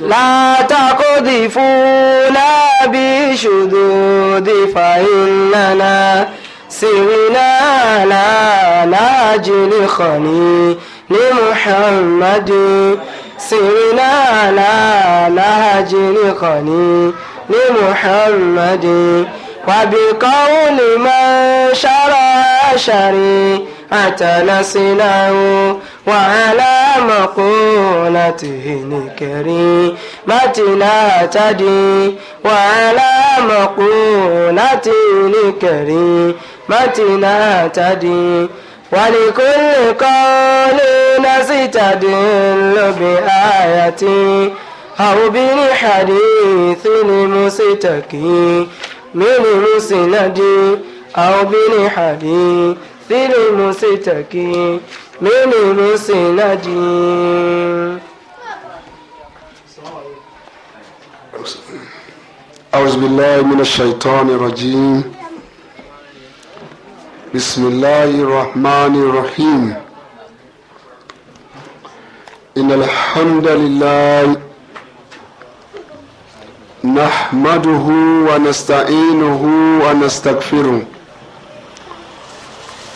لا تقذفونا بشذوذ فإننا سينا لا ناجل خليل لمحمد سينا لا ناجل خليل لمحمد وبقول من شرى شريعة نصنع وعلى مقولته لكريمتنا تدي وعلى مقولته لكريمتنا تدي ولكل قول نستدل بآية أو بالحديث المستكين من المسند أو بالحديث المستكين من مسند أعوذ بالله من الشيطان الرجيم بسم الله الرحمن الرحيم إن الحمد لله نحمده ونستعينه ونستغفره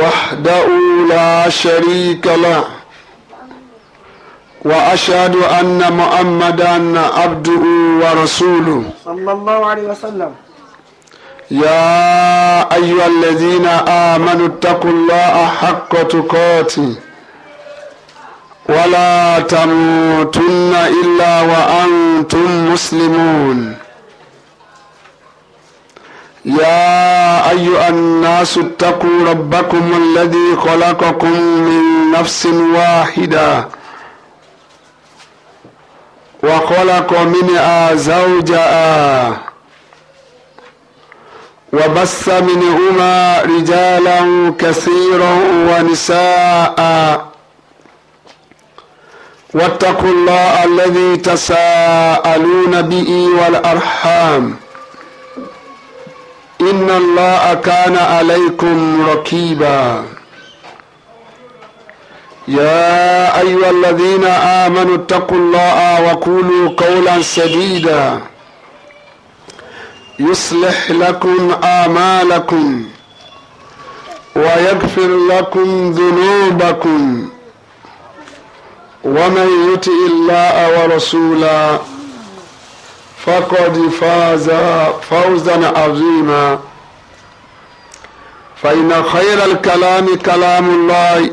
وحده لا شريك له وأشهد أن محمدا عبده ورسوله صلى الله عليه وسلم يا أيها الذين آمنوا اتقوا الله حق تقاته ولا تموتن إلا وأنتم مسلمون يا ايها الناس اتقوا ربكم الذي خلقكم من نفس واحده وخلق منها زوجها وبث منهما رجالا كثيرا ونساء واتقوا الله الذي تساءلون به والارحام إن الله كان عليكم رقيبا يا أيها الذين آمنوا اتقوا الله وقولوا قولا سديدا يصلح لكم آمالكم ويغفر لكم ذنوبكم ومن يطع الله ورسوله فقد فاز فوزا عظيما فإن خير الكلام كلام الله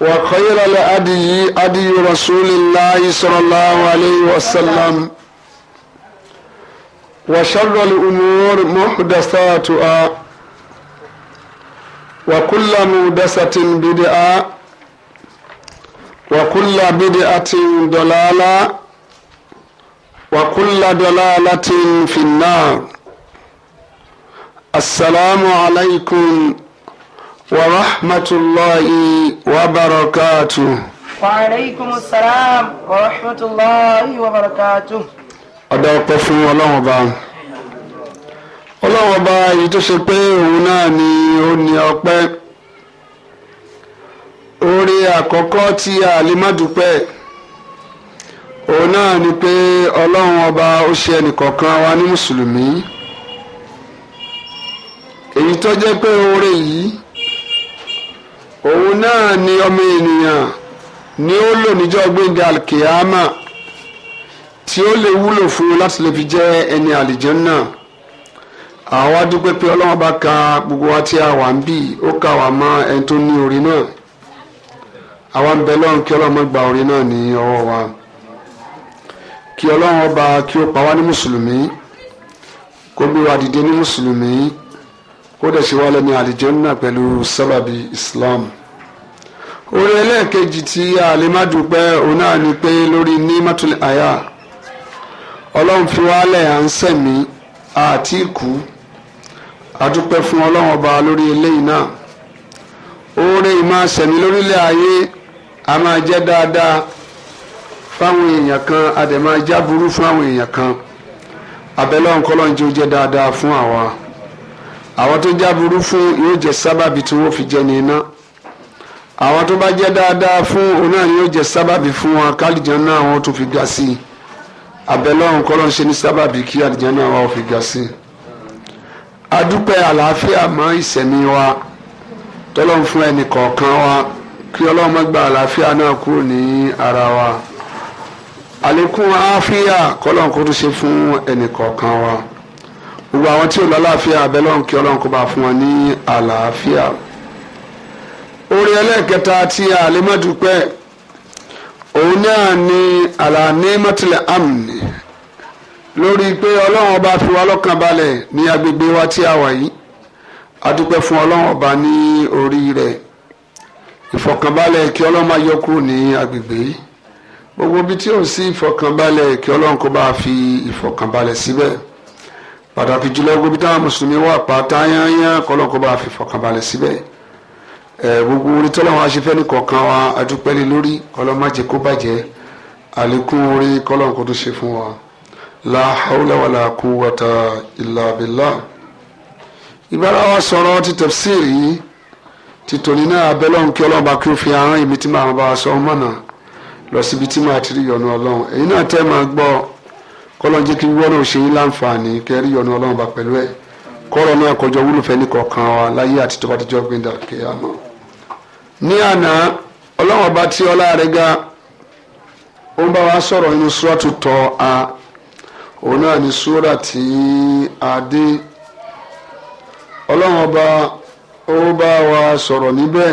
وخير الأدي أدي رسول الله صلى الله عليه وسلم وشر الأمور محدثاتها وكل محدثة بدعة وكل بدعة ضلالة وكل ضلالة في النار السلام عليكم ورحمة الله وبركاته وعليكم السلام ورحمة الله وبركاته ọ̀dọ̀ ọ̀pọ̀ fún ọlọ́run ọba ọlọ́run ọba èyí tó ṣe pé òun náà ni ó ní ọpẹ́ oore àkọ́kọ́ tí a lè má dúpẹ́ òun náà ni pé ọlọ́run ọba ó ṣe ẹnìkọ̀ọ̀kan wa ní mùsùlùmí èyí tó jẹ́ pé oore yìí òun náà ni ọmọ ènìyàn ni ó lò níjọ́ gbẹ̀ngàn alkiyama tí ó lè wúlò fún un láti lè fi jẹ́ ẹni àlìjànnà àwa dúpẹ́ pé ọlọ́run bá ka gbogbo wa tí a wà ń bì ó kà wá mọ́ ẹni tó ní orin náà àwa ń bẹ lọ́run kí ọlọ́run má gba orin náà ní ọwọ́ wa. Mbi, kí ọlọ́run ọba kí ó pa wá ní mùsùlùmí kó gbé wa dìde ní mùsùlùmí kó dẹ̀ ṣe wá lẹ́ni àlìjẹ́nnà pẹ̀lú sábàbí islam. orí ẹlẹ́ẹ̀kejì tí a lè má dúpẹ́ òun náà ni pé lórí ní mọ́tòlì àyà ọlọ́run fi wá lẹ̀ à ń sẹ̀mí àti ìkú àdúpẹ́ fún ọlọ́run ọba lórí eléyìí náà oore ìmọ̀ àṣẹ̀mí lórílẹ̀ ayé a máa jẹ́ dáadáa fáwọn èèyàn kan a dẹ̀ máa jáburú fún àwọn èèyàn kan abẹ́lẹ́ ọ̀nkọ́lọ́n jẹ́ ó jẹ́ dáadáa fún àwa àwọn tó jáburú fún yóò jẹ́ sábàbí tí wọ́n fi jẹ ní iná àwọn tó bá jẹ́ dáadáa fún òun náà yóò jẹ́ sábàbí fún wọn kálíjà náà wọn tó fi ga sí i abẹ́lẹ́ ọ̀nkọ́lọ́n ṣe ní sábàbí kí àlìjá náà wọn fi ga sí i adúpẹ́ àlàáfíà mọ́ ìsẹ̀mí wa tọ́lọ́n fún ẹnì kọ̀ọ̀kan wa kí ọlọ́run má gba àlàáfíà náà kúrò ní ara wa àlékún àáfíà kọ́lọ́n kó tó ṣe fún ẹnìkọ̀ọ̀kan wa gbogbo àwọn tí ò lálàáfíà abẹ́lọ́n kí ọlọ́run kó bá fún wọn ní àlàáfíà orí ẹlẹ́ẹ̀kẹta tí a òun náà ni àlàní mọ́tìlẹ̀ amni lórí pé ọlọ́run ọba fi wá lọ́kàn balẹ̀ ní agbègbè wa tí a wà yìí a dúpẹ́ fún ọlọ́run ọba ní orí rẹ̀ ìfọ̀kànbalẹ̀ kí ọlọ́run máa yọ kúrò ní agbègbè yìí gbogbo ibi tí ò sí ìfọ̀kànbalẹ̀ kí Ọlọ́run kó bá fi ìfọ̀kànbalẹ̀ síbẹ̀ pàtàkì jùlọ gbogbo ibi táwọn mùsùlùmí wà pátá yányán kí Ọlọ́run kó bá fi ìfọ̀kànbalẹ̀ síbẹ̀ gbogbo orí tọ́lọ́wọ́n aṣẹ́fẹ́ ní kọ̀ọ̀kan wa adúpẹ́lẹ́ lórí kọ́lọ́ má jẹ́ kó bàjẹ́ àlékún orí kọ́lọ́run kó tó ṣe fún wa la haula wala quwwata illa billah ìbára wa sọ̀rọ̀ ti tafsiri yìí tìtòní náà abẹ́lọ́run kí Ọlọ́run bá kí ó fi ahọ́n ìmìtì máa bá a sọ ọmọ náà lọ síbi tí màá ti rí yọnu ọlọ́run èyí náà tẹ́ máa gbọ́ kọ́lọ́n jẹ́ kí wọ́n náà ṣe yín láǹfààní kẹ́ rí yọnu ọlọ́run bá pẹ̀lú ẹ̀ kọ́rọ̀ náà kọjọ wúlùfẹ́ ní kọ̀ọ̀kan wa láyé àti tó bá ti jọ gbẹ̀ndà kéèyàn. ní àná ọlọ́run ọba tí ọlá rẹ̀ ga ó ń bá wa sọ̀rọ̀ inú súrà tó a òun náà ní súrà tí a dé ọlọ́run ọba ó bá wa sọ̀rọ̀ níbẹ̀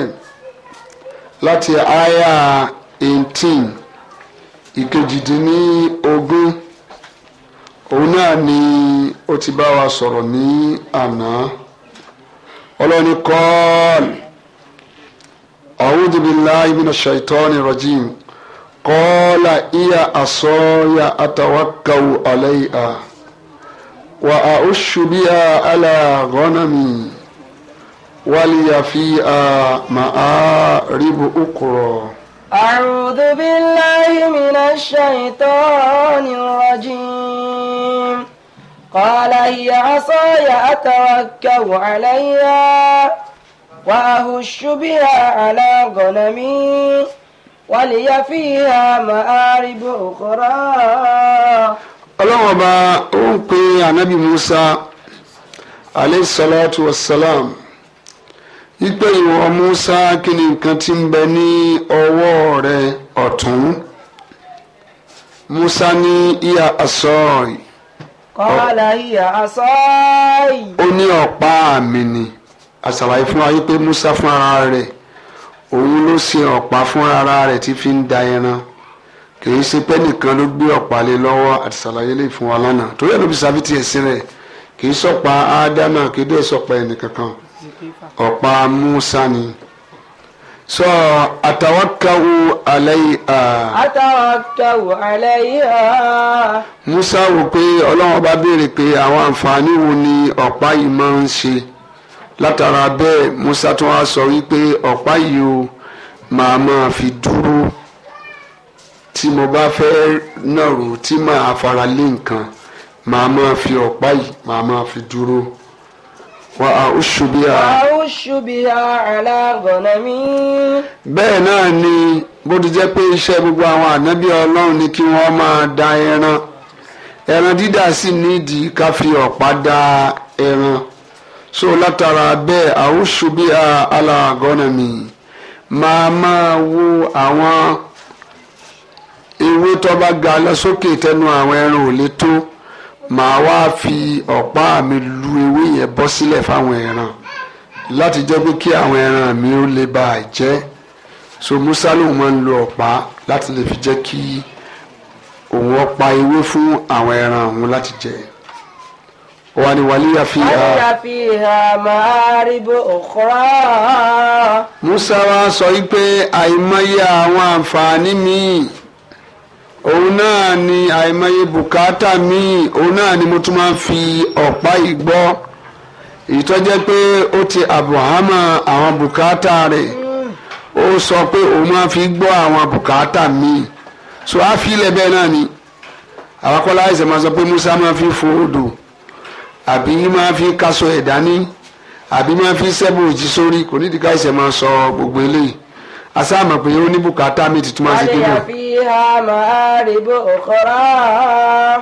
láti áyà eighteen ìkejìdínlógún òun náà ni ó ti bá wa sọ̀rọ̀ ní àná ọlọ́ni kọ́ọ̀lù awúdùbíláì mina ṣàìtọ́ni rajim kọ́ọ̀là ìyá àsọ́yà àtàwákàwù àlẹ́yà wà á ṣubíà aláàgọ́nàmì wàlíyàfíà màá ríbu ukùrọ̀. أعوذ بالله من الشيطان الرجيم قال هي عصاي أتوكأ عليها وأهش بها على غنمي ولي فيها مآرب أخرى ọlọ́wọ́n ọba ó ń pe anabi musa aleyhi ipe ìwọ Musa kí ni nǹkan tí ń bẹ ní ọwọ́ rẹ ọ̀tún Musa ní ìyá asọ́ọ̀yì. kọ́lá ìyá asọ́ọ̀yì. ó ní ọ̀pá mi ni àṣàlàyé fún wa pé Musa fún ara rẹ̀ òun ló ṣe ọ̀pá fún ara rẹ̀ tí fi ń da ẹran kì í ṣe pé nìkan ló gbé ọ̀pá lé lọ́wọ́ àti lè fún wa lánàá torí ẹ̀ ló fi ṣàfitì ẹ̀sìn rẹ̀ kì í sọ̀pá ádámà kì í dẹ̀ sọ̀pá ẹnì kankan ọ̀pá Musa ni sọ àtàwákàwò àlẹ́yìí à. àtàwákàwò Musa wò pé ọlọ́run bá béèrè pé àwọn àǹfààní wo ni ọ̀pá yìí máa ń ṣe látara bẹ́ẹ̀ Musa tún wá sọ wípé ọ̀pá yìí o màá máa fi dúró tí mo bá fẹ́ nàró tí màá fara lé nǹkan màá máa fi ọ̀pá yìí màá máa fi dúró. وأعش بها وأعش بها على غنمي bẹ́ẹ̀ náà ni bó ti jẹ́ pé iṣẹ́ gbogbo àwọn ànábì ọlọ́run ni kí wọ́n máa da ẹran ẹran dídà sì nídìí ká fi ọ̀pá da ẹran so látara bẹ́ẹ̀ àwùṣù bí i aláàgọ́nàmì máa máa wo àwọn ewé tó bá ga lọ sókè tẹnu àwọn ẹran ò lè tó màá wá fi ọ̀pá mi lu ewé yẹn bọ́ sílẹ̀ fáwọn ẹran láti jẹ́ pé kí àwọn ẹran mi ó lè bá a jẹ so Musa lòun máa ń lo ọ̀pá láti lè fi jẹ́ kí òun ọ̀pá ewé fún àwọn ẹran òun láti jẹ wà ní wàlíyà fi hà. wàlíyà fi hà máa rí bó ọ̀kọ́rọ́. Musa wá sọ wípé àìmọye àwọn àǹfààní míì òun náà ni àìmọye bùkátà míì òun náà ni mo tún máa ń fi ọ̀pá ìgbọ́ ìtọ́jẹ́ pé ó ti àbùhámà àwọn bùkátà rẹ̀ ó sọ pé òun máa fi gbọ́ àwọn bùkátà míì so á fi ilẹ̀ bẹ́ẹ̀ náà ni àwọn ẹ̀sẹ̀ máa sọ pé Musa máa fi fo odò àbí máa fi kaso ẹ̀dá ní àbí máa fi sẹ́bù òjì sórí kò nídìí ká ẹ̀sẹ̀ máa sọ gbogbo eléyìí Asa pé ó ní bùkátà mi ti túmọ̀ sí kíni. wàlẹ̀ àfi àmà àrèbó ọ̀kọ́rọ́.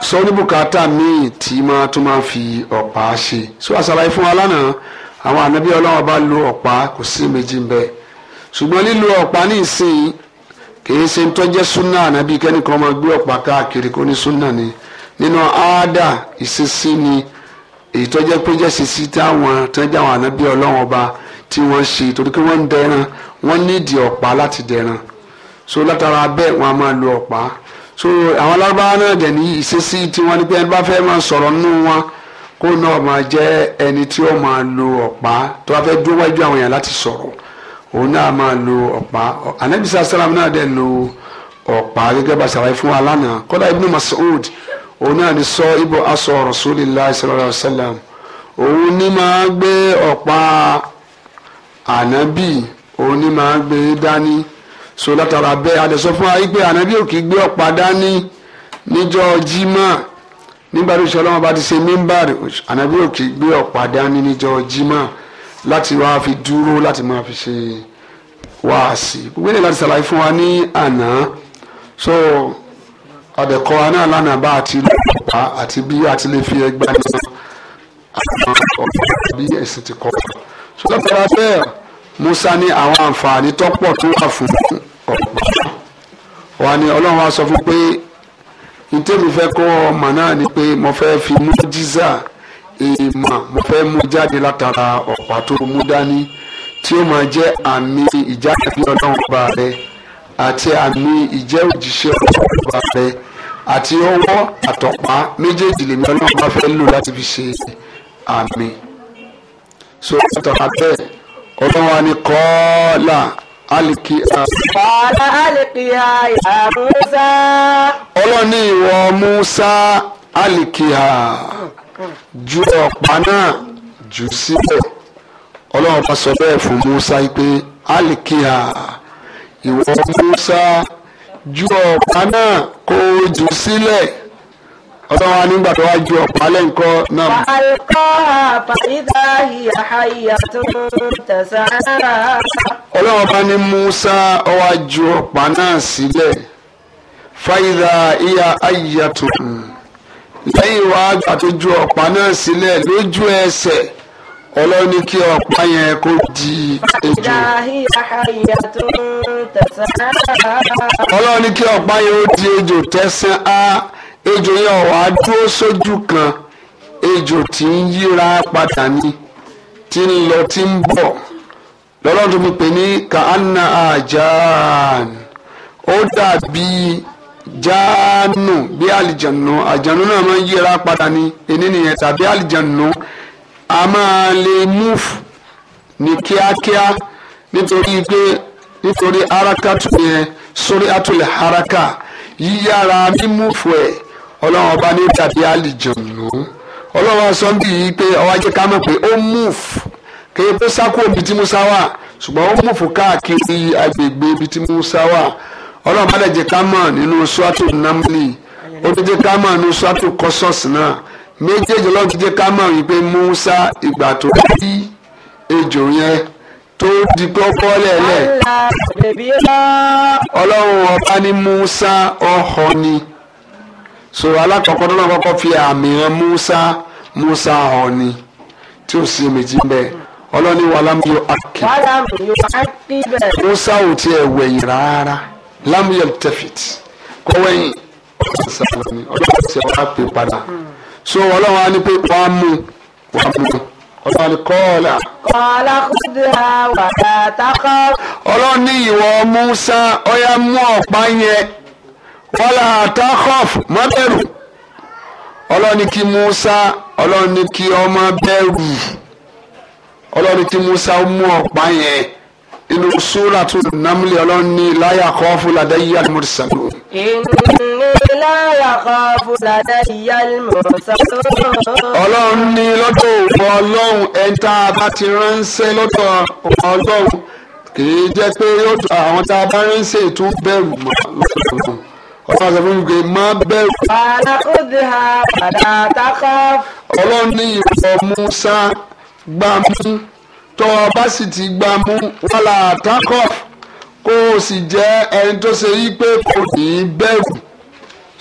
sọ ní bùkátà mi tí máa tún máa fi ọ̀pá ṣe. sọ àṣàlàyé fún wa lánàá àwọn ànábí ọlọ́wọ́ bá lo ọ̀pá kò sí méjì ń bẹ. ṣùgbọ́n lílo ọ̀pá ní ìsìn kìí ṣe ń tọ́jẹ́ súnà ànábí kẹ́nìkan máa gbé ọ̀pá káàkiri kó ní súnà ni. nínú áádà ìṣesí ni èyí tọ́jẹ́ pé jẹ́ ṣe sí táwọn tọ́jà àwọn ànábí ọlọ́wọ́ bá tí wọ́n ṣe torí pé wọ́n ń dẹran wọ́n nídìí ọ̀pá láti dẹran so látara bẹ́ẹ̀ wọ́n á máa lo ọ̀pá so àwọn alágbára náà dẹ̀ ní ìṣesí tí wọ́n ní pé ẹni bá fẹ́ máa sọ̀rọ̀ nínú wọn kó náà máa jẹ́ ẹni tí ó máa lo ọ̀pá tó bá fẹ́ dúró wájú àwọn èèyàn láti sọ̀rọ̀ òun náà máa lo ọ̀pá anabisa salam náà dẹ̀ lo ọ̀pá gẹ́gẹ́ bá ṣàlàyé fún wa lánàá kódà ibnu Mas'ud òun náà ní sọ ibo aṣọ Rasulillah sallallahu alaihi wasallam òun ní máa gbé ọ̀pá ànábì òun ni máa ń gbé dání so látara bẹ́ẹ̀ àdẹ̀sọ fún wa wípé ànábì ò kì í gbé ọ̀pá dání níjọ́ jimá nígbà tó ṣe ọlọ́wọ́n bá ti ṣe mímbàrì ànábì ò kì í gbé ọ̀pá dání níjọ́ jimá láti wá fi dúró láti máa fi ṣe wáàsí gbogbo ènìyàn láti ṣàlàyé fún wa ní àná so ọ̀dẹ̀kọ́ wa náà bá àti lò wá àti bí a ti fi ẹgbẹ́ náà àwọn ọ̀pá bí ẹ̀sìn ti kọ́ so lọ́pàá bẹ́ẹ̀ Musa ní àwọn àǹfààní tọ́pọ̀ tó wà fún ọ̀pá wa ni ọlọ́run wa sọ fún pé ntẹ́mi fẹ́ kọ́ ọmọ náà ni pé mo fẹ́ fi mú jíza ìmọ̀ mo fẹ́ mú jáde látara ọ̀pá tó mú dání tí ó máa jẹ́ àmì ìjáde bí ọlọ́run ọba rẹ àti àmì ìjẹ́ òjíṣẹ́ ọlọ́run ọba rẹ àti ọwọ́ àtọ̀pá méjèèjì lèmi ọlọ́run bá fẹ́ lò láti fi ṣe àmì so ìtọ́ka bẹ́ẹ̀ ọlọ́wọ́n ni kọ́ọ́là alìkí a. kọ́ọ́là alìkí a yà Musa. ọlọ́run ní ìwọ Musa alìkí a ju ọ̀pá náà jù sílẹ̀ ọlọ́run bá sọ bẹ́ẹ̀ fún Musa yìí pé alìkí a ìwọ Musa ju ọ̀pá náà kó o jù sílẹ̀ ọlọ́wọ́ nígbà tó wá ju ọ̀pá lẹ́ńkọ́ náà. àìkọ́ àfàyídà ìyá àyà tó tẹ̀sán. ọlọ́wọ́ bá ní Musa ọwá ju ọ̀pá náà sílẹ̀ fàyídà ìyá àyà tó lẹ́yìn wá gbà tó ju ọ̀pá náà sílẹ̀ lójú ẹsẹ̀ ọlọ́run kí ọ̀pá yẹn kó di ejò. ọlọ́run ní kí ọ̀pá yẹn ó di ejò tẹ̀sán á ejò yẹn ọ̀wá dúró sójú kan ejò tí ń yíra padà ni tí ń lọ tí ń bọ̀ lọ́lọ́run tó mi pè ní kaana ajan ó dàbí jáánù bí àlìjànù àjànù náà máa ń yíra padà ni èní nìyẹn tàbí àlìjànù a máa lè múfù ní kíákíá nítorí pé nítorí harakatu sórí àtúlẹ̀ haraka yíyára mímúfù ẹ̀ ọlọ́run ọba ní tàbí àlìjọ̀nù ọlọ́run aṣọ bí yìí pé ọwọ́ ajé ká mọ̀ pé ó múùfù kéye pé sákò ibi tí musa wà ṣùgbọ́n ó múùfù káàkiri agbègbè ibi tí musa wà ọlọ́run bá dẹ̀ jẹ́ ká mọ̀ nínú swatu namli ó dẹ̀ jẹ́ ká mọ̀ nínú swatu kọ́sọ́s náà méjèèjì ọlọ́run ti jẹ́ ká mọ̀ wípé musa ìgbà tó rí ejò yẹn tó di pé ó bọ́ lẹ́lẹ̀ ọlọ́run ọba ní musa ọ̀họ́ ni. Musa, oh, so alákọ̀ọ́kọ́ tó náà kọ́kọ́ fi àmì hàn Musa Musa hàn ni tí ò sí méjì bẹ́ẹ̀ ọlọ́ni wa lámúyọ akí Musa ò tiẹ̀ wẹ̀yìn rárá lámúyọ tẹ̀fìt kọ́ wẹ̀yìn ọlọ́run ti wá pè padà so ọlọ́run á ní pé wàá mú wàá mú ọlọ́run ní kọ́ọ̀lá. kọ́ọ̀lá kúndà wàdà tákọ́. ọlọ́run ní ìwọ Musa ọ̀yà mú ọ̀pá yẹn wọ́lá takof mọ́bẹ̀rù ọlọ́ni kí Musa ọlọ́ni kí ọmọ bẹ̀rù ọlọ́ni kí Musa mú ọ̀pá yẹn inú súra tó námúlì ọlọ́ni láyà kọ́fù ládàyà mùsàlù. ìní láyà kọ́fù ládàyà mùsàlù. ọlọ́ni lọ́dọ̀ òun ọlọ́run ẹ̀ńtà bá ti ránṣẹ́ lọ́dọ̀ òun ọlọ́run kì í jẹ́ pé àwọn tá a bá ránṣẹ́ ìtún bẹ̀rù mọ́ lọ́dọ̀ òun ọlọ́run sọ fún mi pé má bẹ̀rù. àná ó di ha padà takọ. ọlọ́run ní ìwọ Musa gbá mú tọ́ ọ bá sì ti gbá mú wàhálà takọ kó o sì jẹ́ ẹni tó ṣe yí pé kò ní í bẹ̀rù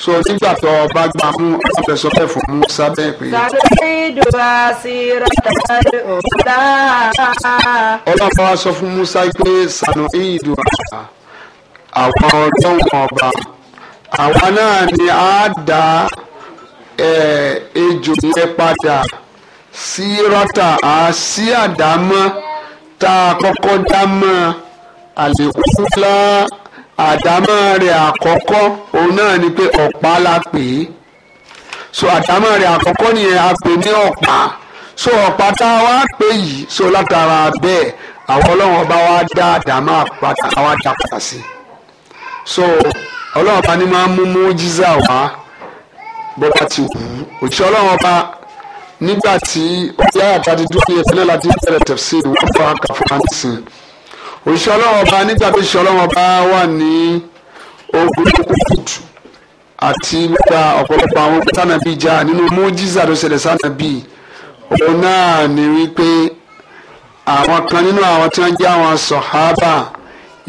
so nígbà tó o bá gbà mú ọbẹ̀ sọ́kẹ́ fún mú sábẹ́ pé. sàbẹ̀lì ìdùnnà sí rẹ̀ ọ̀dà. ọlọ́pàá sọ fún Musa pé sànù ìdùnnà àwọn ọlọ́wọ́n ọba àwa náà ni a dá ejò yẹn padà sí rọ́tà á sí àdámọ́ tá a kọ́kọ́ dá mọ́ àlékúnlá àdámọ́ rẹ̀ àkọ́kọ́ òun náà ni pé ọ̀pá la pè é so àdámọ́ rẹ̀ àkọ́kọ́ nìyẹn a pè ní ọ̀pá so ọ̀pá tá a wá pè yìí so látara bẹ́ẹ̀ àwọn ọlọ́run ọba wa dá àdámọ́ àpàtà àwa dá padà sí so ọlọ́run ọba ni máa ń mú mójísà wá bó bá ti wù ú òjíṣẹ́ ọlọ́run ọba nígbà tí ọjà àtàdé dúró yẹn fúnlẹ̀ láti bẹ̀rẹ̀ tẹ̀sí wọ́n fọ́ àkàfọ́ǹsì òjíṣẹ́ ọlọ́run ọba nígbà tó òjíṣẹ́ ọlọ́run ọba wà ní ogun kúkútù àti nípa ọ̀pọ̀lọpọ̀ àwọn ogun sànàbí já nínú mójísà tó ṣẹlẹ̀ sànàbí òun náà ní wípé àwọn kan nínú àwọn tí wọ́n jẹ́ àwọn sọ̀hábà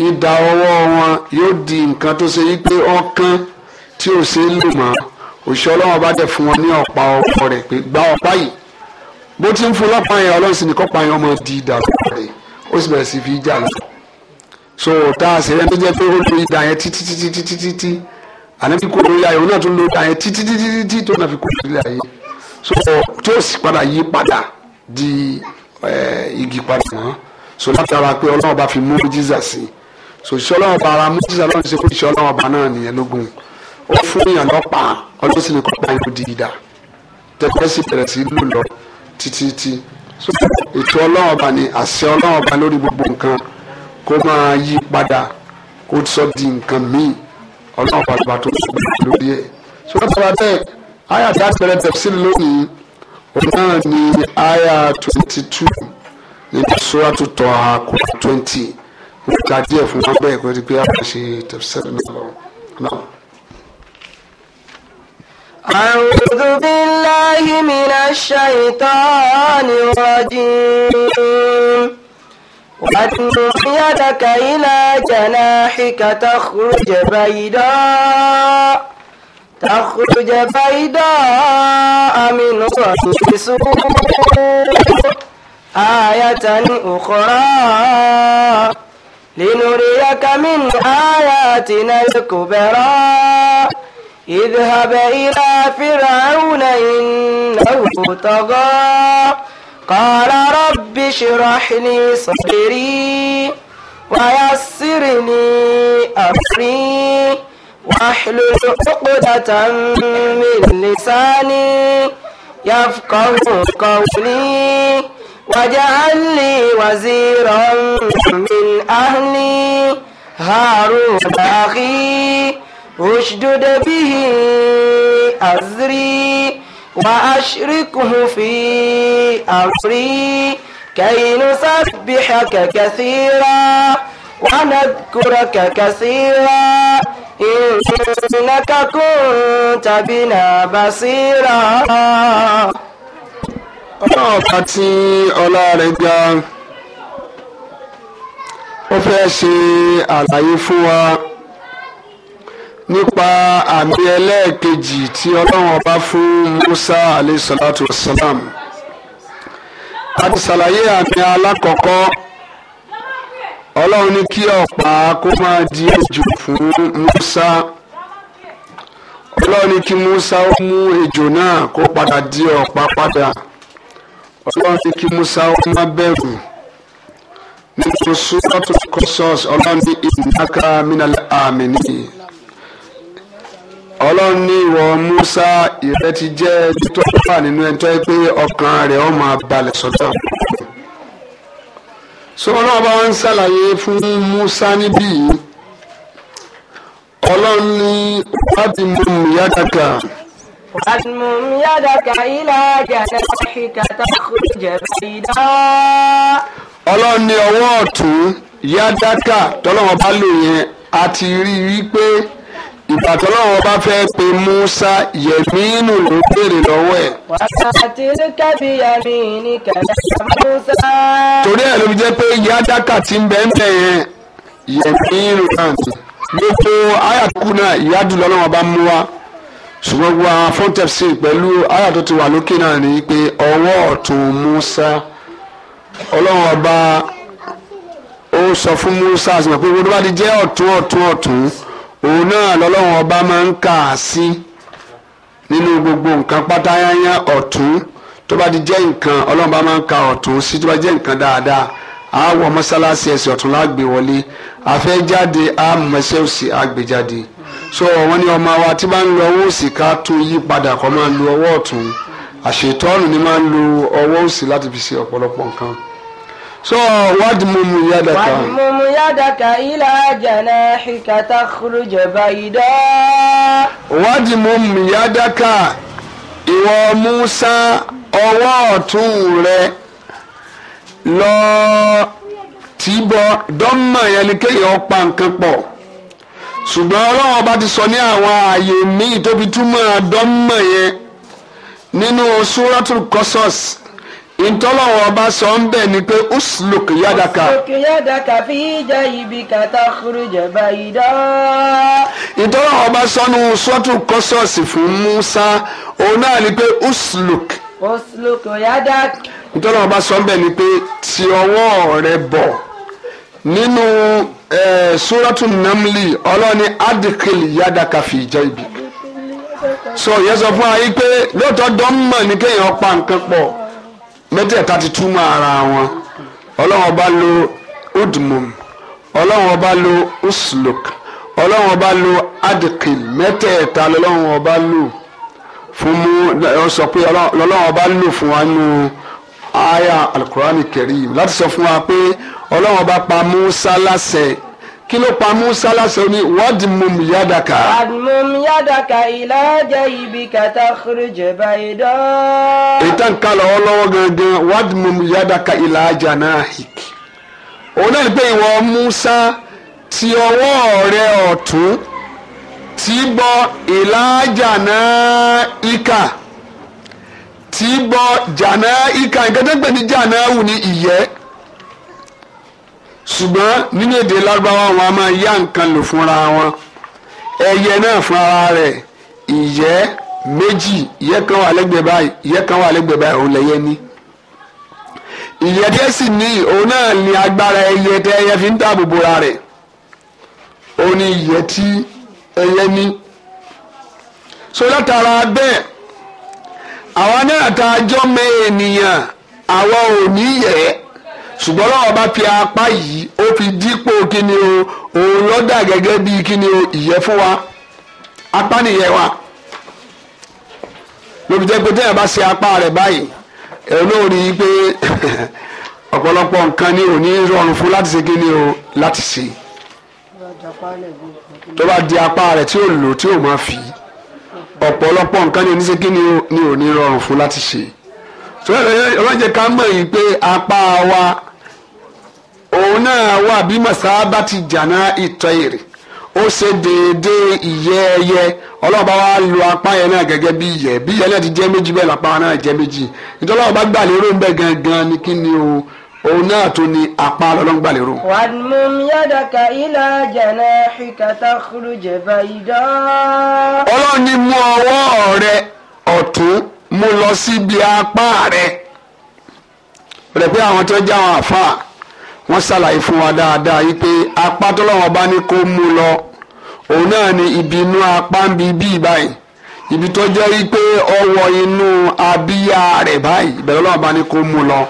ìdà ọwọ́ wọn yóò di nǹkan tó ṣe wípé ọkàn tí ò ṣe é lò mọ́ òṣìṣẹ́ ọlọ́wọ́n bá dẹ̀ fún wọn ní ọ̀pá ọkọ rẹ̀ pé gba ọ̀pá yìí bó ti ń fún lọ́pá yẹn ọlọ́run sì ní kọ́pá yẹn ọmọ di ìdà lọ́pọ̀ rẹ̀ ó sì bẹ̀rẹ̀ sí fi jà lọ. so tá a sì rẹ́ tó jẹ́ pé ó lo ìdà yẹn títí títí títí títí ànábi kò lórí ayé òun náà tún lo ìdà yẹn títí tó náà fi kò lórí ayé so tí ó sì padà yí padà di igi padà mọ́ so látara pé ọlọ́run bá fi mú jíza sí i so ìṣọ́ ọlọ́run ọba ara moses ọlọ́run ṣe fún ìṣọ́ ọlọ́run ọba náà nìyẹn lógún ó fún èèyàn lọ́pàá ọdún sì ni kọ́pàá yóò di ìdá tẹ́tẹ́ sì bẹ̀rẹ̀ sí lù lọ títí so ètò ọlọ́run ọba ni àṣẹ ọlọ́run ọba lórí gbogbo nǹkan kó máa yí padà kó sọ di nǹkan míì ọlọ́run ọba lọ́ba tó sọ lórí ẹ̀ so lọ́sọ̀rọ̀ bẹ́ẹ̀ àyà tí a ti bẹ̀rẹ̀ tẹ̀sí lónìí òun náà ni àyà twenty two ní sọ́ra tó tọ́ àkùrọ̀ twenty ó ka díẹ̀ fún wọn bẹ́ẹ̀ kó di pé àwọn ṣe tẹ̀síṣẹ́lẹ̀ náà lọ náà. أعوذ بالله من الشيطان الرجيم واتل يدك إلى جناحك تخرج بيضاء تخرج بيضاء من غير سوء آية أخرى لنريك من آياتنا الكبرى اذهب إلى فرعون إنه طغى قال رب اشرح لي صدري ويسر لي أمري واحلل عقدة من لساني يفقه قولي واجعل لي وزيرا من أهلي هارون أخي اشدد به أزري وأشركه في أمري كي نسبحك كثيرا ونذكرك كثيرا إنك كنت بنا بصيرا ọlọ́ọ̀pá tí ọlá rẹ̀ ga ó fẹ́ ṣe àlàyé fún wa nípa àmì ẹlẹ́ẹ̀kejì tí ọlọ́run ọba fún Musa aleyhisalatu wasalam a ti ṣàlàyé àmì alákọ̀ọ́kọ́ ọlọ́run ní kí ọ̀pá kó máa di ejò fún Musa ọlọ́run ní kí Musa ó mú ejò náà kó padà di ọ̀pá padà ọlọ́run ní kí Musa ó má bẹ̀rù nínú Suratul Qasas ọlọ́run ní ìnáka minal amini ọlọ́run ní ìwọ Musa ìrẹ́ ti jẹ́ títọ́ wà nínú ẹni pé ọkàn rẹ̀ ó máa balẹ̀ sọ́dọ̀ so ọlọ́run bá wọn ń ṣàlàyé fún Musa níbí ọlọ́run ní wàá ti mú mi yá dáadáa. واضمم يدك إلى جناحك تخرج بيداء ọlọ́run ní ọwọ́ ọ̀tún yádákà tọ́lọ́wọ́n bá lò yẹn a ti rí i wípé ìgbà tọ́lọ́wọ́n bá fẹ́ pe Musa yẹ̀mínú ló béèrè lọ́wọ́ ẹ̀. wàhálàtí kábí yàmi ní kẹlẹ́ Musa. torí ẹ̀ ló fi jẹ́ pé yádákà ti ń bẹ́ẹ̀ bẹ́ẹ̀ yẹn yẹ̀mínú náà ni gbogbo ayàtúkù náà ìyá dùn lọ́lọ́wọ́n bá mú wa ṣùgbọ́n gbogbo àwọn fúntẹ̀sì pẹ̀lú àyà tó ti wà lókè náà ni pé ọwọ́ ọ̀tún Musa ọlọ́run ọba ó sọ fún Musa àti mọ̀ pé gbogbo bá ti jẹ́ ọ̀tún ọ̀tún ọ̀tún òun náà lọ́lọ́run ọba máa ń kà á sí nínú gbogbo nǹkan pátáyáyá ọ̀tún tó bá ti jẹ́ nǹkan ọlọ́run bá máa ń ka ọ̀tún sí tó bá jẹ́ nǹkan dáadáa àá mọ́sálásí ẹsẹ̀ ọ̀tún lágbèwọlé àfẹ́ jáde àá mọ̀ ẹsẹ̀ òsì so wọ́n ní ọmọ wa tí bá ń lo ọwọ́ òsì ká tó yí padà kó máa lo ọwọ́ ọ̀tún àṣetọ́nù ni máa ń lo ọwọ́ òsì láti fi ṣe ọ̀pọ̀lọpọ̀ nǹkan so wàdìmùmù yádàkà. wàdìmùmù yádàkà ilà jẹ̀nà ìkàtà kúrújọba ìdá. wàdìmùmù yádàkà ìwọ Musa ọwọ́ ọ̀tún rẹ lọ tìbọ̀ dọ́mọ̀ yẹn ni kéèyàn pa nǹkan pọ̀ ṣùgbọ́n ọlọ́run ọba ti sọ ní àwọn ààyè míì tó fi túmọ̀ dọ́mọ̀ yẹn nínú suratul Qasas ìtọ́lọ́wọ́ ọba sọ ń bẹ̀ ni pé usluk yadaka. usluk yadaka fi jaybika takhruj bayda. ìtọ́lọ́wọ́ ọba sọnù suratul Qasas fún Musa òun náà ni pé usluk. usluk yadaka. ìtọ́lọ́wọ́ ọba sọ ń bẹ̀ ni pé ti ọwọ́ rẹ bọ̀ nínú ẹ suratu namli ọlọ́ni adikil yadaka fi jaybi so yẹ sọ fún wa yìí pé lóòótọ́ dọ́mọ̀ ní kéèyàn pa nǹkan pọ̀ mẹ́tẹ̀ẹ̀ta ti túmọ̀ ara wọn ọlọ́wọ́n bá lo udmum ọlọ́wọ́n bá lo usluk ọlọ́wọ́n bá lo adikil mẹ́tẹ̀ẹ̀ta lọ́wọ́n bá lò fún mú sọ pé ọlọ́wọ́n bá lò fún wa nù aya alukurani karim láti sọ fún wa pé ọlọ́run ọba pa Musa láṣẹ kí ló pa Musa láṣẹ ó ní wọ́ọ̀dì mú mi yádàkà. àdùnmùm yádàkà ìlàjẹ ibi kàtà kúrìjẹ báyìí dán. ìtàn kálọ̀ ọlọ́wọ́ gangan wọ́ọ̀dì mú mi yádàkà ìlàjà náà hìk. òun náà ní pé ìwọ Musa ti ọwọ́ rẹ ọ̀tún tí bọ ìlàjà náà ìkà tí bọ jàná ìkà ìkàtàgbẹ̀ ní jàná wù ní ìyẹ́ ṣùgbọ́n nínú èdè lárúbáwá wọn a máa yá nǹkan lò fúnra wọn ẹyẹ náà fúnra rẹ̀ ìyẹ́ méjì ìyẹ́ kan wà lẹ́gbẹ̀ẹ́ báyìí ìyẹ́ kan wà lẹ́gbẹ̀ẹ́ báyìí òun lẹ́yẹ ní ìyẹ́ díẹ̀ sì ní òun náà ní agbára ẹyẹ tẹ ẹyẹ fi ń dáàbò bora rẹ̀ òun ni ìyẹ́ tí ẹyẹ ní so látara bẹ́ẹ̀ àwa náà tá a jọ́ mẹ́ ènìyàn àwa ò ní yẹ̀ ẹ́ ṣùgbọ́n lọ́wọ́ bá fi apá yìí ó fi dípò kíni o òun lọ́dà gẹ́gẹ́ bíi kíni o ìyẹ́ fún wa apá nìyẹn wa lóbi jẹ́ pé téèyàn bá ṣe apá rẹ̀ báyìí ẹ̀ olóòrí pé ọ̀pọ̀lọpọ̀ nǹkan ni òní rọrùn fún láti ṣe kíni o láti ṣe tó bá di apá rẹ̀ tí ò lò tí ò máa fi ọ̀pọ̀lọpọ̀ nǹkan ni òní ṣe kíni o ni òní rọrùn fún láti ṣe tó yẹ ká mọ̀ yìí pé apá wa òun náà wà bí mọ̀sáábà ti jàná ìtọ́ èrè ó ṣe déédéé ìyẹ́ ẹyẹ ọlọ́ọ̀bá wa lo apá yẹn náà gẹ́gẹ́ bí ìyẹ́ bí ìyẹ́ náà ti jẹ́ méjì bẹ́ẹ̀ lápá náà jẹ́ méjì nítorí ọlọ́ọ̀bá gbà lérò ń bẹ gangan ni kí ni o òun náà tún ni apá ọlọ́run gbà lérò. wàdùnmùm yàdàkà ilà jẹ̀nà ìkàtà kúrú jẹ̀bà ìdá. ọlọ́run ni mú ọwọ́ rẹ ọ̀tún mú lọ síbi apá rẹ rẹ̀ pé àwọn tó jẹ́ àwọn àfáà wọ́n ṣàlàyé fún wa dáadáa yìí pé apá tọ́lọ́wọ́n bá ní kó mú lọ òun náà ni ibi inú apá ń bi bíi báyìí ibi tó jẹ́ rí pé ọwọ́ inú abíyá rẹ̀ báyìí ìbẹ̀rẹ̀ ọlọ́run bá ní kó mú lọ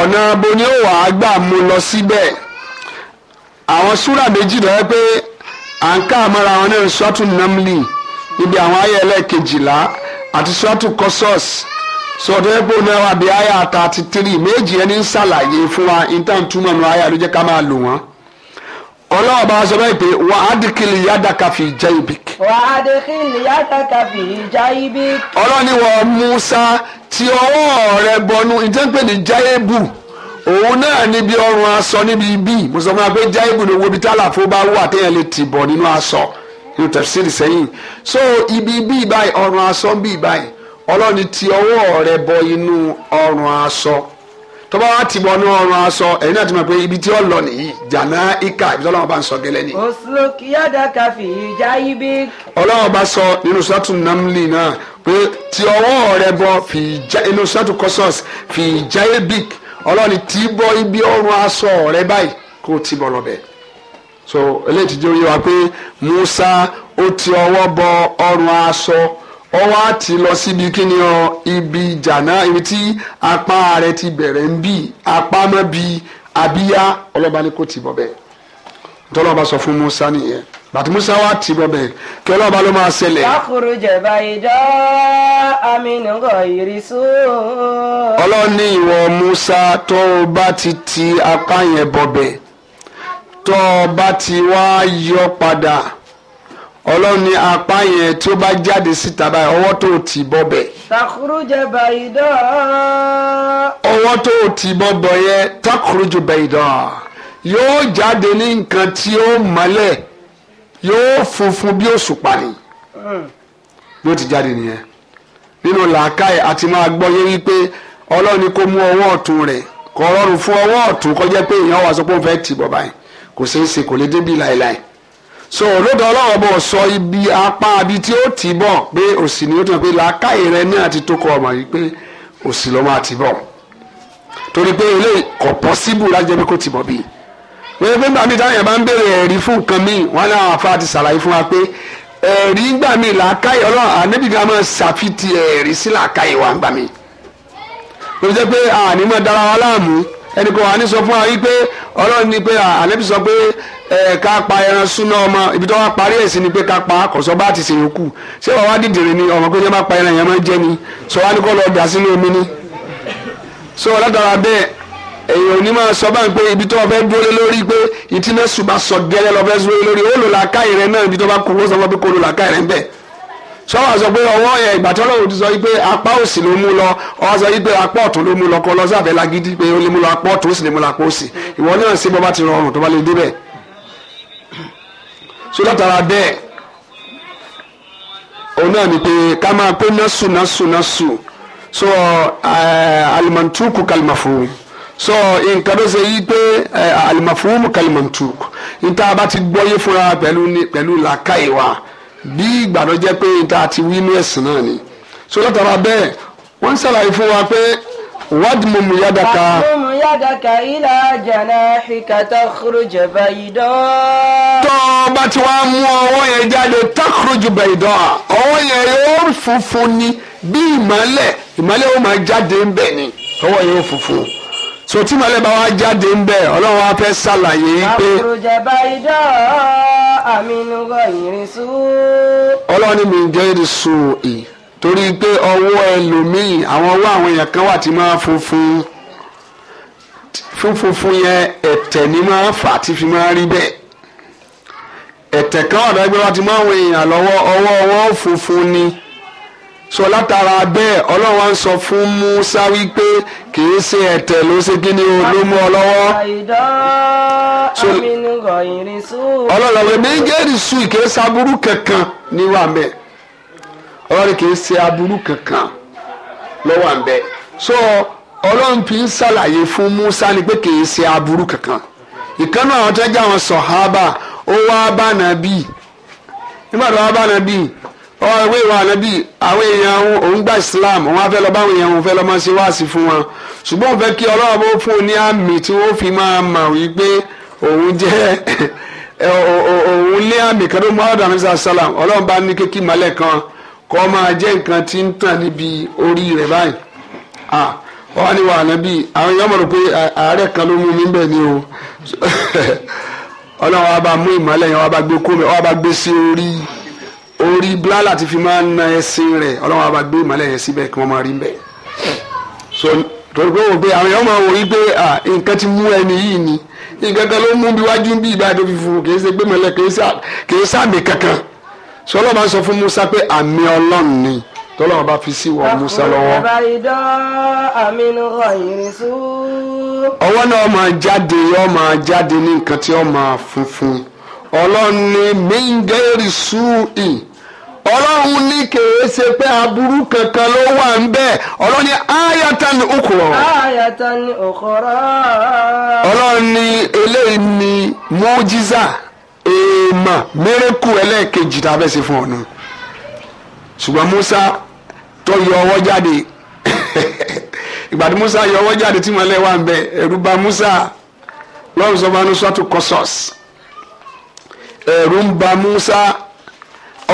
ọ̀nà abo ó wà gbà mú lọ síbẹ̀ àwọn súrà méjì lọ́wọ́ pé à ń ká àmọ́ra àwọn náà sọ́tún namli níbi àwọn ayé ẹlẹ́ẹ̀kejìlá àti sọ́tún kọ́sọ́ọ̀sì sọ̀tọ̀ ẹ̀ pé ó náà wà bí àyà thirty three méjì ẹni ń ṣàlàyé fún wa intan túmọ̀ nù àyà ló jẹ́ ká máa lò wọ́n ọlọ́wọ́ bá sọ báyìí pé wà á di kìlì yádàkà fi jẹ́ ibi. wà á di kìlì yádàkà fi jẹ́ ibi. ọlọ́ni Musa tí ọwọ́ rẹ̀ bọnú ìjẹ́pẹ̀ ní jaibu òun náà níbi ọrùn aṣọ níbi ibi mo sọ fún wa wo ibi tá àlàfo bá wà téèyàn lè tì bọ̀ nínú aṣọ nínú tẹ̀síìrì sẹ́yìn so ibi bíi báyìí ọrùn aṣọ bíi báyìí ọlọ́ni ti ọwọ́ rẹ bọ inú ọrùn aṣọ tọ́ba wa ti bọ ní ọrùn aṣọ ẹ̀yin náà ti mọ̀ pé ibi tí ó lọ nìyí jàná ìka ibi tí ọlọ́run bá ń sọ gẹ́lẹ́ ni. òṣèlú kìyàdá káfí ìjà ibi. ọlọ́run bá sọ nínú sọ́tù namli náà pé ti ọwọ́ rẹ bọ fi ìjà inú sọ́tù kọ́sọ́s fi ìjà ebik ọlọ́ni ti bọ ibi ọrùn aṣọ rẹ báyìí kó o ti bọ lọ bẹ́ẹ̀ so eléyìí ti jẹ́ oyè wa pé Musa ó ti ọwọ́ bọ ọrùn aṣọ ọ wá ti lọ síbi kíni ọ ibi ìjà náà ibi tí apá rẹ ti bẹ̀rẹ̀ ń bì apá mọ́ bi abíyá ọlọ́ba ni kò ti bọ̀ bẹ́ẹ̀ tọ́lọ́ba sọ fún Musa nìyẹn bàtí Musa wa ti bọ̀ bẹ́ẹ̀ kí ọlọ́ba ló máa ṣẹlẹ̀. kakuru jẹba idọ aminugọ irisu. ọlọ́ni ìwọ Musa tó o bá ti ti apá yẹn bọ̀ bẹ́ẹ̀ tó o bá ti wá yọ padà ọlọ́run ní apá yẹn tí ó bá jáde síta báyìí ọwọ́ tó ti bọ́bẹ̀. takurujẹ bẹ̀yìdọ́. ọwọ́ tó ti bọ́bọ̀ yẹn takurujẹ bẹ̀yìdọ́ yóò jáde ní nǹkan tí ó mọ́lẹ̀ yóò funfun bí òṣùpá ni yóò hmm. ti jáde nìyẹn nínú làákàyè àti máa gbọ́ yé wípé ọlọ́run ní kó mú ọwọ́ ọ̀tún rẹ̀ kọ́ ọrùn fún ọwọ́ ọ̀tún kọjá pé èèyàn wà sọ pé òun fẹ́ tì bọ̀ báyìí kò ṣeé ṣe kò lè débi láéláé so lódò ọlọ́wọ́ bọ̀ sọ ibi apá abi tí ó tì bọ̀ pé òsì ni ó ti mọ̀ pé làákàyè rẹ ní àti tó kọ ọmọ yìí pé òsì ló máa tì bọ̀ torí pé ilé kò pọ́síbù lájẹ́ pé kò tì bọ̀ bíi wọ́n yẹ pé gbàmí táwọn yẹn bá ń béèrè ẹ̀rí fún nǹkan míì wọ́n ní àwọn afá ti ṣàlàyé fún wa pé ẹ̀rí gbàmí làákàyè ọlọ́run ànẹ́bí gan máa ṣàfitì ẹ̀rí sí làákàyè wa gbàmí ló ẹnì kan wà ní sọ fún wa wípé ọlọ́run ni pé àlẹ́bí sọ pé ẹ ká pa ẹran súná ọmọ ibi tó wá parí ẹ̀ sí ni pé ká pa àkọ́sọ́ bá ti ṣèyàn kù ṣé wàá wá dìdìrín ni ọmọ pé yẹn bá pa ẹran yẹn máa jẹ ni sọ wá ní kó lọ dà sínú omi ni. so ọlọ́dàra bẹ́ẹ̀ èyàn ò ní máa sọ báyìí pé ibi tó o fẹ́ dúró lé lórí pé ìtìmẹ́sùn bá sọ gẹ́lẹ́ lọ fẹ́ dúró lórí ó lò làákàyè rẹ náà ibi tó bá kú ó sọ fún ọ pé kó lò làákàyè rẹ ń sọ́wọ́ sọ pé ọwọ́ yẹn ìgbà tí ọlọ́run ti sọ pé apá òsì ló mú lọ ọ sọ pé apá ọ̀tún ló mú lọ kọ́ lọ sábẹ́ lagídí pé ó lè mú lọ apá ọ̀tún ó sì lè mú lọ apá òsì ìwọ náà sí bọ́ bá ti rọrùn tó bá lè débẹ̀ so bẹ́ẹ̀ òun náà ni pé ká máa pé násù násù násù so eh, alimantuku kalimafu so nǹkan tó ṣe yí pé eh, alimafu kalimantuku níta bá ti gbọ́yé fúnra pẹ̀lú làkàyè bí ìgbà ló jẹ́ pé níta ti wí inú ẹ̀sìn náà ni so látara bẹ́ẹ̀ wọ́n ń ṣàlàyé fún wa pé wàdùmùmù yádàkà. wàdùmùmù yádàkà ilà janahika takhruj bayda. tó o bá ti wá mú ọwọ́ yẹn jáde takhruj bayda ọwọ́ yẹn yóò funfun ni bí ìmọ̀lẹ̀ ìmọ̀lẹ̀ ó máa jáde ń bẹ̀ ni ọwọ́ yẹn ó funfun so tí màlẹ́ bá wa jáde ń bẹ̀ ọlọ́run wa fẹ́ ṣàlàyé pé. àkùrùjà bá idọ́ àmínúgọ̀ ìrìnsú. ọlọ́run ni mi jẹ́ ìrìnsù ì torí pé ọwọ́ ẹlòmíì àwọn ọwọ́ àwọn èèyàn kan wà tí máa funfun funfun fún yẹn ẹ̀tẹ̀ ni máa fà tí fi máa rí bẹ́ẹ̀ ẹ̀tẹ̀ kan ọ̀dọ́ ẹgbẹ́ wa ti máa wọ èèyàn lọ́wọ́ ọwọ́ ọwọ́ funfun ni so látara bẹ́ẹ̀ ọlọ́wà ń sọ fún Musa wípé kìí ṣe ẹ̀tẹ̀ ló ṣe kí ni o ló mú ọ lọ́wọ́. ọlọ́lọ́wẹ́ méjèèjì sùn kìí ṣe aburú kankan níwà mẹ́ ọlọ́run kìí ṣe aburú kankan lọ́wọ́ àmbẹ́ so ọlọ́run fi ń ṣàlàyé fún Musa ni pé kìí ṣe aburú kankan ìkànnì àwọn tẹ́jà wọn sọ̀hábà ó wá bá nàbí nígbà tó wá bá nàbí. ọwọ́ ìwé ìwà ànábì àwọn èèyàn òun gba Islam òun afẹ́ lọ báwọn èèyàn òun fẹ́ lọ máa ṣe wáàsí fún wọn ṣùgbọ́n òun fẹ́ kí Ọlọ́run fún ní àmì tí wọ́n fi máa mà wípé òun jẹ́ òun ní àmì kan tó mú ọ̀dọ̀ àmì Ọlọ́run bá ní kékeré kan kọ́ máa jẹ́ nǹkan tí ń tàn níbi orí rẹ̀ báyìí ànábì àwọn èèyàn orí blala ti fi máa na ẹsìn rẹ̀ ọlọ́run àbá gbé ìmọ̀lẹ́ yẹn síbẹ̀ kí wọ́n máa rí bẹ́ẹ̀ so torí pé òpè àwọn èèyàn máa wò yí pé nǹkan ti mú ẹni yìí ni nǹkan kan ló mú bí wájú bí ìgbà tó fi fún kì í ṣe pé mọ̀lẹ́ kì í sàmì kankan so ọlọ́run bá sọ fún Musa pé àmì ọlọ́run ni tọ́lọ́run bá fi sí wọ Musa lọ́wọ́. ọwọ́ náà máa jáde yóò máa jáde ní nǹkan tí ó máa funfun ọlọ́run ní mingeri sùúrì ọlọ́run ní kèé ṣe pé aburú kankan ló wà ń bẹ́ẹ̀ ọlọ́run ni okòrò. ayata ni okòrò. ọlọ́run ní eléyìí ni mọ́jísà èèmọ̀ mérekù ẹlẹ́ẹ̀kejì tá a fẹ́ ṣe fún ọ̀nà ṣùgbọ́n Musa tó yọ ọwọ́ jáde ìgbà Musa yọ ọwọ́ jáde tí mo lẹ́wà ń bẹ ẹ̀rù bà Musa lọ́run sọ fún anusọ́tù kọ́sọ́sì. ẹ̀rù ń ba Musa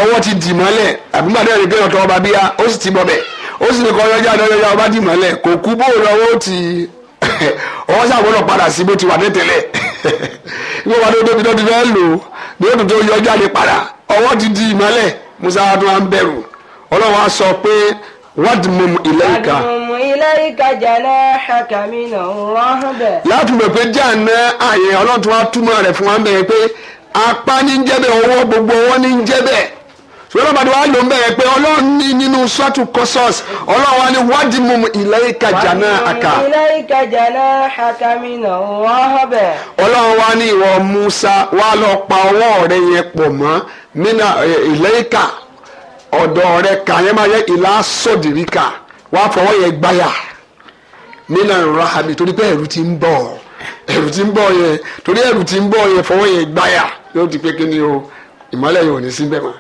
ọwọ́ ti dì mọ́lẹ̀ àbí màdé ẹ̀rí pé ọ̀tọ̀ ọba bíyá ó sì ti bọ̀bẹ̀ ó sì ní kọ́ ọyọ́jà ọyọ́jà ọba dì mọ́lẹ̀ kò kú bóòlù ọwọ́ ti ọwọ́ sàgbọ́dọ̀ padà sí bó ti wà tẹ́tẹ́lẹ̀ ìwọ́n wà lóde tó lò ní ètò tó ti di Musa tó wà ń bẹ̀rù Ọlọ́run á sọ pé àyè apá ní jẹ́bẹ̀ ọwọ́ gbogbo wọn ní jẹ́bẹ̀ ṣùgbọ́n bàbá wa ló ń bẹ̀rẹ̀ pé ọlọ́run ní nínú sọ́ọ̀tù kọ́sọ́ọ̀sì ọlọ́run wa ní wádìí náà àkà. ọlọ́run wa ìwọ Musa wa lọ pa ọwọ́ rẹ yẹn pọ̀ mọ́ nínú ilẹ̀ ìkà ọ̀dọ̀ rẹ kà yẹn máa yẹ ìlà sọ̀dìríkà ẹ̀rù tí ń bọ̀ yẹn torí ẹ̀rù tí ń bọ̀ yẹn fọwọ́ yẹn gbáyà yóò ti pé kí ni o ìmọ́lẹ̀ yẹn ní síbẹ̀ mọ́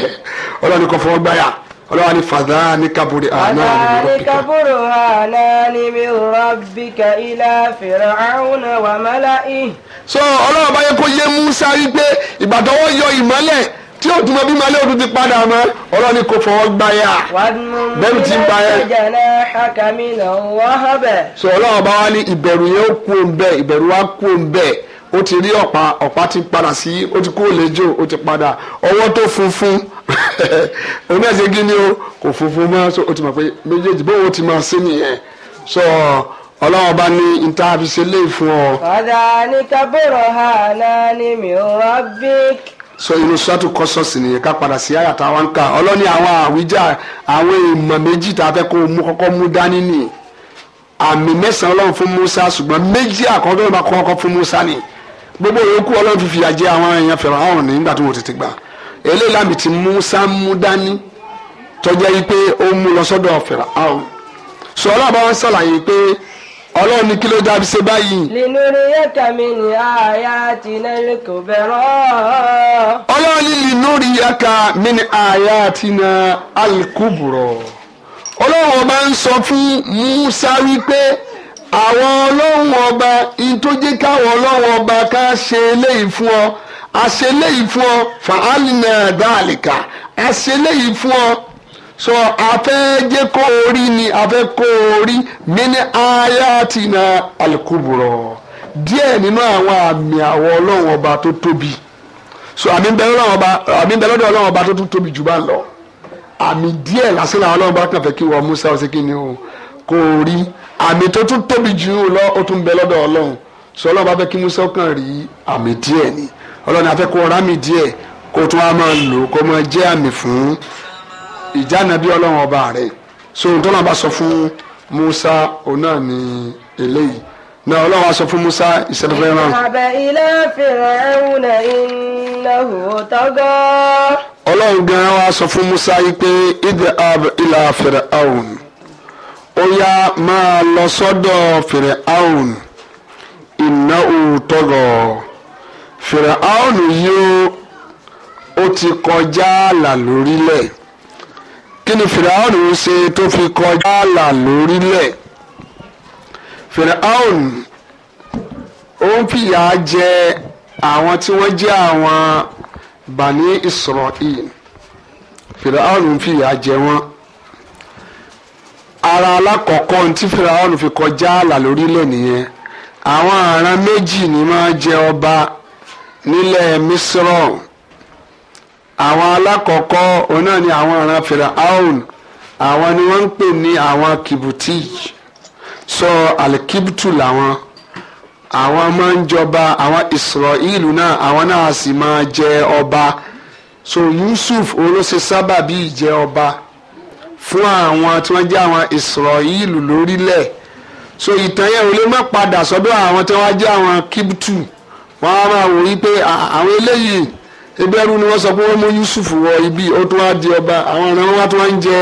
ọlọ́ni kò fọwọ́ gbáyà ọlọ́wà ní fàdá ní kaburu àná ni mi rọ́bìkà ilá Fir'auna wà mọ́lá ì. so ọlọ́wà báyẹn kó yé Musa wípé ìbàdàn wọ́n yọ ìmọ́lẹ̀ tí o tún mọ bí malẹ́ òtún ti padà mọ́ ọlọ́ni kò fọwọ́ gbá yà bẹ́ẹ̀ ti gbá yà. sọ ọlọ́run bá wá ní ìbẹ̀rù yẹn ó kú òun bẹ́ẹ̀ ìbẹ̀rù wa kú òun bẹ́ẹ̀ ó ti rí ọ̀pá ọ̀pá ti padà sí ó ti kó lẹ́jọ́ ó ti padà ọwọ́ tó funfun òun náà gíní o kò funfun mọ́ so ó ti mọ̀ pé méjèèjì bó o ti mọ̀ sí nìyẹn so ọlọ́run bá ní níta fi ṣe léè fún ọ. ọ̀dà ni kábọ̀rọ̀ ha náà ni mi ò rọ́bíkì so inú sọ́tù kọ́sọ́ọ̀sì nìyẹn ká padà sí àyà tá a wá ń kà ọlọ́ni àwọn àwíjà àwọn èèmọ̀ méjì tá a fẹ́ kó mú kọ́kọ́ mú dání nì àmì mẹ́sàn-án ọlọ́run fún Musa ṣùgbọ́n méjì àkọ́kọ́ bá kọ́kọ́ fún Musa nì gbogbo yòókù ọlọ́run fi fìyà jẹ àwọn èèyàn fẹ̀rọ àwọn ọ̀nà nígbà tó wọ́n tètè gbà eléyìí lámì tí Musa mú dání tọ́jà yìí pé ó mú lọ sọ́dọ̀ fẹ̀rọ ọlọ́run ní kí ló dábí ṣe báyìí. linuriyaka min ayatina al-kubra. ọlọ́run ní linuriyaka min ayatina al-kubra. ọlọ́run ọba ń sọ fún Musa wípé àwọn ọlọ́run ọba ìtòjé káwọn ọlọ́run ọba ká ṣe eléyìí fún ọ àṣeléyìí fún ọ fa'alna dhalika àṣeléyìí fún ọ so afẹ́ jẹ́ kó orí ni afẹ́ kó orí mini ayatina alikuburo díẹ̀ nínú àwọn àmì àwọ̀ ọlọ́run ọba tó tóbi so àmì bẹ̀rẹ̀ lọ́dọ̀ ọlọ́run ọba tó tún tóbi jù bá lọ àmì díẹ̀ lásán làwọn ọlọ́run bá kàn fẹ́ kí wọ́n Musa ọ̀sẹ̀ kí ni o kò rí àmì tó tún tóbi jù lọ ó tún bẹ lọ́dọ̀ ọlọ́run so ọlọ́run bá fẹ́ kí Musa kàn rí àmì díẹ̀ ni ọlọ́run afẹ́ kó ọ̀rá mi díẹ̀ kó tún wá máa lò kó máa jẹ́ àmì fún un ìjánabi ọlọ́run ọba rẹ̀ so ohun tó náà bá sọ fún Musa òun náà eléyìí náà ọlọ́run á sọ fún Musa ìṣẹ́dọ̀fẹ́ náà. àbẹ̀ ilé Fir'aun innahu tagha. ọlọ́run gan wa sọ fún Musa yìí pé idhab ila Fir'aun ó yá máa lọ sọ́dọ̀ Fir'aun innahu tagha Fir'aun yìí ó ti kọjá àlà lórílẹ̀ kí ni fìràhùn ń ṣe tó fi kọjá àlà lórílẹ̀ fìràhùn ó ń fìyà jẹ àwọn tí wọ́n jẹ́ àwọn bani israel fìràhùn ń fìyà jẹ wọ́n ara alákọ̀ọ́kọ́ tí fìràhùn fi kọjá àlà lórílẹ̀ nìyẹn àwọn àrán méjì ni máa jẹ ọba nílẹ̀ misrọ̀ àwọn alákọ̀ọ́kọ́ òun ni àwọn ọ̀ràn Firaun àwọn ni wọ́n ń pè ní àwọn kìbùtì sọ alikibtu làwọn àwọn máa ń jọba àwọn Israel náà àwọn náà sì máa jẹ ọba so Yusuf olóṣè sábàbí ìjẹ ọba fún àwọn tí wọ́n jẹ́ àwọn Israel lórílẹ̀ so ìtàn yẹn ò lè má padà sọ́dọ̀ àwọn tí wọ́n jẹ́ àwọn kibtu wọ́n á máa wò wípé àwọn eléyìí ebi ẹrú ni wọ́n sọ pé wọ́n mú Yusuf wọ ibi ó tún wá di ọba àwọn ọ̀ràn wa tún wá ń jẹ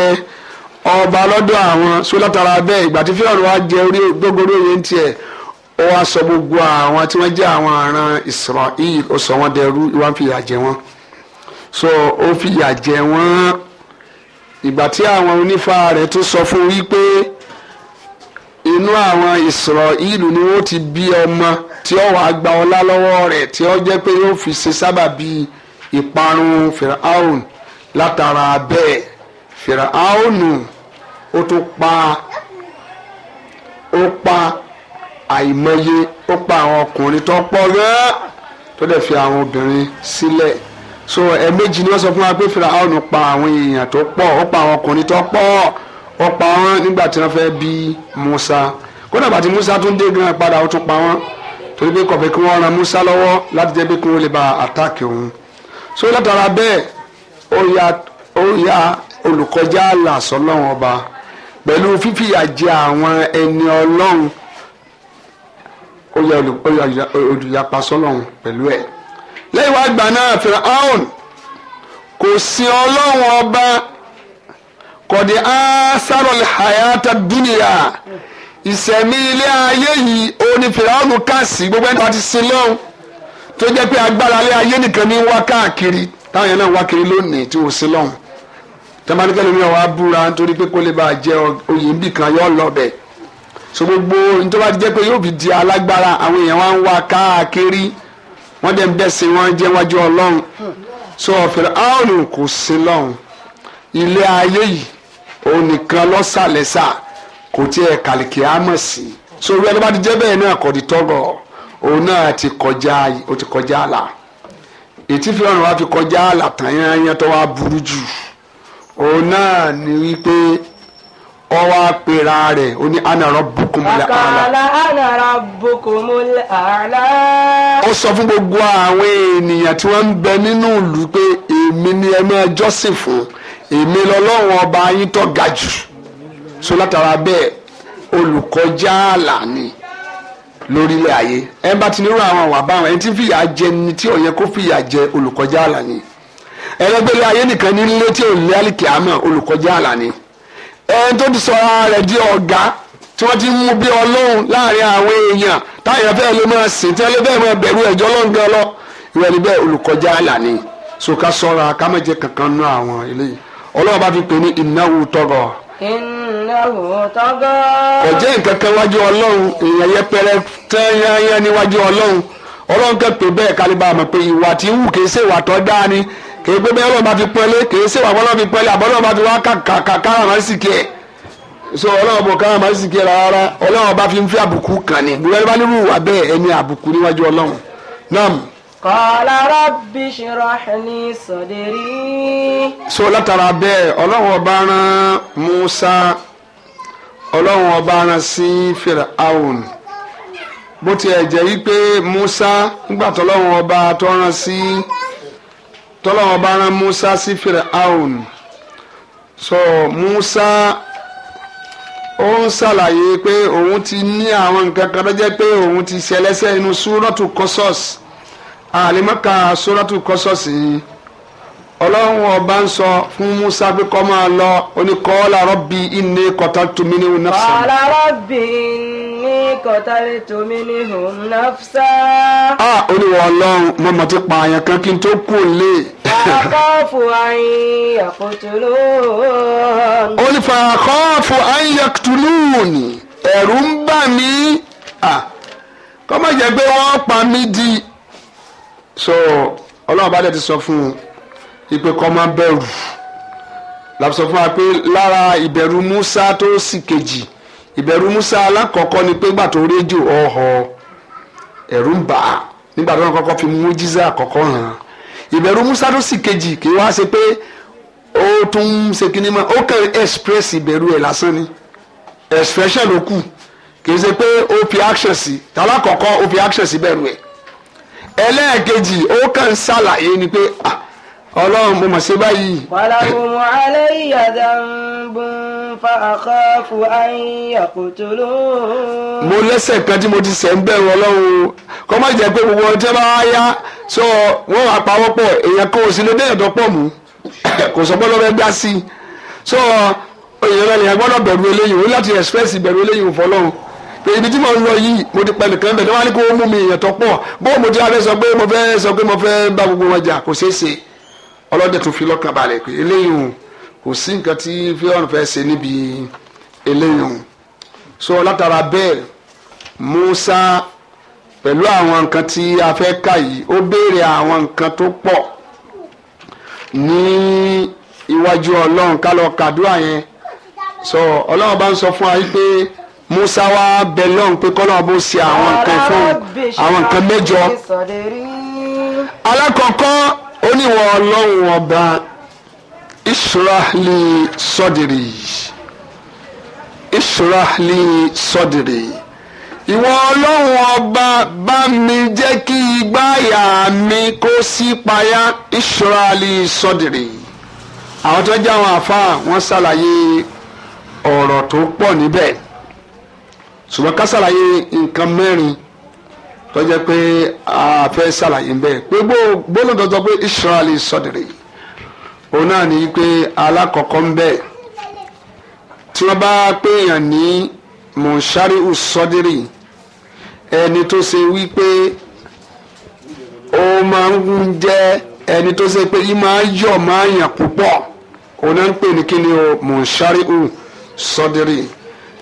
ọba lọ́dọ̀ àwọn so látara bẹ́ẹ̀ ìgbà tí fíọ̀nù wa jẹ orí gbogbo oyè ń tiẹ̀ ó wá sọ gbogbo àwọn tí wọ́n jẹ́ àwọn ọ̀ràn Israel ó sọ wọ́n dẹrú wá ń fìyà jẹ wọ́n so ó fìyà jẹ wọ́n ìgbà tí àwọn onífá rẹ̀ tún sọ fún wípé inú àwọn Ísírẹ́lì ni wọ́n ti bí ọmọ tí ó wàá gba ọlá lọ́wọ́ rẹ̀ tí ó jẹ́ pé yóò fi ṣe sábàbí ìparun firaun látara bẹ́ẹ̀ firaun ó tún pa ó pa àìmọye ó pa àwọn ọkùnrin tó pọ̀ gẹ́ẹ́ tó dẹ̀ fi àwọn obìnrin sílẹ̀ so ẹ̀ẹ̀mejì ni wọ́n sọ fún wa pé firaun pa àwọn èèyàn tó pọ̀ ó pa àwọn ọkùnrin tó pọ̀ ó pa wọn nígbà tí wọ́n fẹ́ bí Musa kódà bàtí Musa tún dé gan padà ó tún pa wọn torí pé kọ̀fẹ́ kí wọ́n ran Musa lọ́wọ́ láti jẹ́ pé kí wọ́n lè ba àtàkì òun so látara bẹ́ẹ̀ ó ya ó ya olùkọjá làásọ lọ́wọ́n ọba pẹ̀lú fífìyà jẹ àwọn ẹni ọlọ́run ó ya olùyapa sọlọ́run pẹ̀lú ẹ̀ lẹ́yìn wá gbà náà Firaun kò sin ọlọ́run ọba kọ̀dí asarọ̀lì hayata dúnìyà ìsẹ̀mí ilé ayé yìí ó ní Firaun kà sí gbogbo ẹni tó ti sin lọ́hùn tó jẹ́ pé agbára alẹ́ ayé nìkan ní wá káàkiri táwọn yẹn náà wá kiri lónìí tí ò sí lọ́hùn tẹmánikẹ́ lómi ọ̀wá búra nítorí pé kó lè bá jẹ oyè níbì kan yọ lọ bẹ̀ so gbogbo nítorí wàá jẹ́ pé yóò fi di alágbára àwọn èèyàn wá ń wá káàkiri wọ́n dẹ̀ ń bẹ̀sẹ̀ wọ́n jẹ́ wájú ọlọ́run so ọ̀fẹ́rẹ́ àwọn kò sí lọ́hùn ilé ayé yìí òun nìkan lọ́sàlẹ́sà kò tiẹ̀ kàlìkì àmọ̀ sí so wíwá tó bá ti jẹ́ bẹ́ẹ̀ náà kò di tọ́gọ̀ọ́. òun náà ti kọjá ó ti kọjá àlà ètí fìlànà wa fi kọjá àlà tàn yẹn yẹn tó wá burú jù òun ni wípé ọwọ́ apẹ̀rẹ̀ rẹ̀ ó ní anarọ̀ bukumula àlà. àkàlà anarọ̀ bukumula àlà. ó sọ fún gbogbo àwọn ènìyàn tí wọ́n ń bẹ nínú ìlú pé èmi ni ẹ máa jọ́sìn fún èmi lọ́lọ́run ọba yín tó ga jù so látara bẹ́ẹ̀ olùkọjá àlà ni lórílẹ̀ ayé ẹ̀ ń bá ti nírú àwọn àwà báwọn ẹni tí fìyà jẹ ni tí òun yẹ kó fìyà jẹ olùkọjá àlà ni ẹlẹgbẹlẹ ayé nìkan ní nílé tí òun lẹ́yìn kìámọ̀ olùkọjá àlà ni ẹni tó ti sọ ara rẹ̀ di ọ̀gá tí wọ́n ti mú bí ọlọ́run láàrin àwọn èèyàn táyà fẹ́ẹ́ lè máa sìn tí wọ́n máa bẹ̀rù ẹ̀jọ́ lọ́ngàn lọ ìwé ẹni olùkọjá àlà ni so ká sọra ká má jẹ kankan nú àwọn eléyìí ọlọ́run kò jẹ́ nǹkan kan wájú ọlọ́run èèyàn yẹpẹrẹ tán yányán níwájú ọlọ́run ọlọ́run kan pè bẹ́ẹ̀ kálíbà mọ̀ pé ìwà tí ń wù kì í ṣe ìwà tó dáa ni kì í gbé bẹ́ẹ̀ ọlọ́run bá fi pẹ́lẹ́ kì í ṣe ìwà ọlọ́run fi pẹ́lẹ́ àbọ̀ ọlọ́run bá fi wá kàkà kára máa kí ẹ̀ so ọlọ́run bò kára máa sì kí ẹ̀ rárá ọlọ́run bá fi ń fi àbùkù kàn ní bí wọ́n bá nírú ìwà bẹ́ẹ̀ ẹni àbùkù níwájú ọlọ́run náà kọ́lá rọ́bì ṣìrọ̀hìnì sọ̀dẹ̀rì. so látara bẹ́ẹ̀ ọlọ́run ọba rán Musa ọlọ́run ọba rán sí Firaun bó tiẹ̀ jẹ́ wípé Musa nígbà tọ́lọ́run ọba tó rán sí tọ́lọ́run ọba rán Musa sí Firaun so Musa ó ń ṣàlàyé pé òun ti ní àwọn nǹkan kan tó jẹ́ pé òun ti ṣẹlẹ́sẹ̀ inú súrọ́tù kọ́sọ́ọ̀sì àlèmọ́ka sóràtù kọ́sọ́ọ̀sì ọlọ́run ọba ń sọ fún Musa pé kó máa lọ oníkọ́ọ́lá rọ́bì ìní kọ́tà tùmí ní òun náfṣà. kọ́ọ́lá rọ́bì ìní kọ́tà tùmí ní òun náfṣà. a ó ọlọ́run mo mọ̀ ti pa àyàn kan kí n tó kú lé. fàkọ́ọ̀fù àyìn yàkùtùlùún. ó ní fàkọ́ọ̀fù àyìn yàkùtùlùún ẹ̀rù ń bà mí kọ́mọ̀jẹ̀ pé wọ́n pa mí di so ọlọ́run bá dẹ̀ ti sọ fún un ìpè kọ́ máa bẹ̀rù làbí sọ fún wa pé lára ìbẹ̀rù Musa tó sì kejì ìbẹ̀rù Musa alákọ̀ọ́kọ́ ni pé gbà tó rédíò ọ̀họ̀ ẹ̀rù ń bà á nígbà tó wọn kọ́kọ́ fi mú jíza àkọ́kọ́ hàn án ìbẹ̀rù Musa tó sì kejì kì í wá ṣe pé ó tún ń ṣe kíní mọ́ ó kàn express ìbẹ̀rù ẹ̀ lásán ni expression ló kù kì í ṣe pé ó fi action sí tàlákọ̀ọ́kọ́ ó fi action sí bẹ̀rù ẹ̀ ẹlẹ́ẹ̀kejì ó kàn ṣàlàyé ni pé ah, ọlọ́run mo mọ̀ ṣe báyìí. wàlàkùn alẹ́ ìyàdá ń bùn fa àkọ́kù àyà kò tó mo lẹ́sẹ̀ kan tí mo ti ṣẹ̀ ń bẹ̀rù ọlọ́run kọ́ má jẹ́ pé gbogbo ọtí bá yá sọ wọ́n wà pawọ́pọ̀ èèyàn kan sí lóde ẹ̀dọ́ pọ̀ mú kò sọ gbọ́dọ̀ bẹ́ẹ̀ dá sí i sọ èèyàn lẹ́yìn gbọ́dọ̀ bẹ̀rù eléyìí ó láti express ìbẹ̀rù eléyìí fọlọ́run pé ibi tí mo ń lọ yìí mo ti pẹ̀lú kan bẹ̀ ní wọ́n á ní kó mú mi èèyàn tó pọ̀ bó mo ti wá fẹ́ sọ pé mo fẹ́ sọ pé mo fẹ́ bá gbogbo wọn jà kò ṣeé ṣe ọlọ́dẹ tó fi lọ́kàn balẹ̀ pé eléyìí kò sí nǹkan tí fíọ́n fẹ́ ṣe níbi eléyìí so látara bẹ́ẹ̀ Musa pẹ̀lú àwọn nǹkan tí a fẹ́ kà yìí ó béèrè àwọn nǹkan tó pọ̀ ní iwájú ọlọ́run ká lọ kàdúrà yẹn so ọlọ́run bá ń sọ fún wa yìí pé. Musa wá bẹ lọ́hùn pé kọ́lọ́hùn bó ṣe àwọn nǹkan fún àwọn nǹkan mẹ́jọ. alákọ̀ọ́kọ́ oníwọ̀ ọlọ́run ọba israeli sọ́dìrì israeli sọ́dìrì ìwọ ọlọ́run ọba bá mi jẹ́ kí igbáyà mi kó sí payá israeli sọ́dìrì àwọn tó jẹ́ àwọn àfa wọn ṣàlàyé ọ̀rọ̀ tó pọ̀ níbẹ̀ ṣùgbọ́n ká ṣàlàyé nǹkan mẹ́rin tó jẹ́ pé a fẹ́ ṣàlàyé bẹ́ẹ̀ pé gbólóhùn tó sọ pé israeli sọdẹ̀rẹ̀ òun náà ní pé alákọ̀ọ́kọ́ ń bẹ̀ tí wọ́n bá péyàn ní mọ̀ṣáríù sọdẹ̀rẹ̀ ẹni tó ṣe wípé ó máa ń jẹ́ ẹni tó ṣe pé yí máa ń yọ̀ máa yàn púpọ̀ òun náà ń pè ní kí ni o mọ̀ṣáríù sọdẹ̀rẹ̀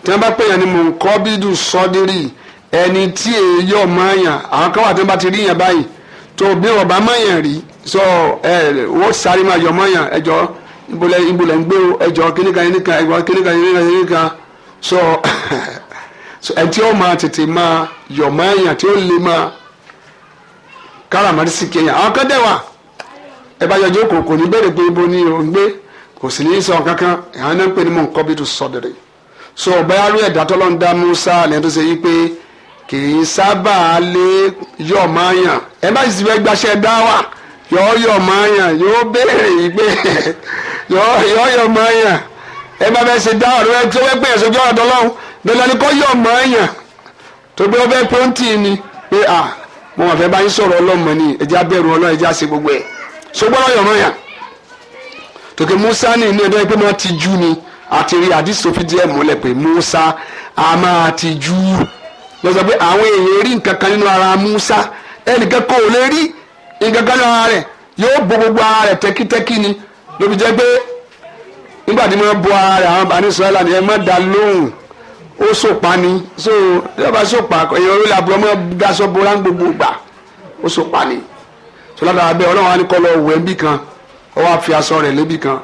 tí wọ́n bá pè yàn ní mọ̀nkọ́bídù sọ́dírì ẹni tí èyí ọmọ yàn àwọn kan wà tí wọ́n bá ti rí yàn báyìí tó bí wọ́n bá mọ̀ yàn rí sọ ẹ wọ́n sáré máa yọ̀ mọ̀ yàn ẹjọ́ ibùlẹ̀ ibùlẹ̀ ń gbé ẹjọ́ kíníkan kíníkan ẹjọ́ kíníkan kíníkan kíníkan sọ ẹ tí ó máa tètè máa yọ̀ mọ̀ yàn tí ó lè máa káràmọ́tì sì kéèyàn àwọn kan dẹ̀ wà ẹ bá yọjú kò kò ní bẹ̀rẹ̀ pé ibo ni ò ń gbé kò sì ní sọ kankan ìhànà pé ni mò ń kọ́ bí tu so bóyá rí ẹ̀dá tọ́lọ́run dá Musa lẹ́yìn tó ṣe yí pé kì í sábà lé yọ̀ máa yàn ẹ bá sì fẹ́ gbaṣẹ́ dá wà yọ̀ yọ̀ máa yàn yóò béèrè yìí pé yọ̀ yọ̀ máa yàn ẹ bá fẹ́ ṣe dá ọ̀rẹ́ tó fẹ́ pè é sojú ọ̀rọ̀ bẹ́ẹ̀ ni kò yọ̀ tó gbé ọbẹ̀ pọ́ńtì ni pé à mo wà fẹ́ bá yín sọ̀rọ̀ ọlọ́mọ ni ẹja bẹ̀rù ọlọ́run ẹja ṣe gbogbo ẹ̀ ṣùgbọ́n yọ̀ tòkè Musa ní inú ẹ̀dọ́ ẹgbẹ́ àti rí àdìsí díẹ̀ Musa a máa ti lọ sọ pé àwọn èèyàn rí nǹkan ara Musa ẹnìkan kò lè rí nǹkan kan nínú ara rẹ̀ yóò bo gbogbo ara rẹ̀ tẹ́kítẹ́kí ni ló jẹ́ pé nígbà ni ẹ má da lóhùn ó sòpa so yọba sòpa èèyàn orí làbúrò bora ń gbogbo gbà ó sòpa ni sọlá ọlọ́run á ní kọ́ lọ wẹ̀ kan aṣọ rẹ̀ kan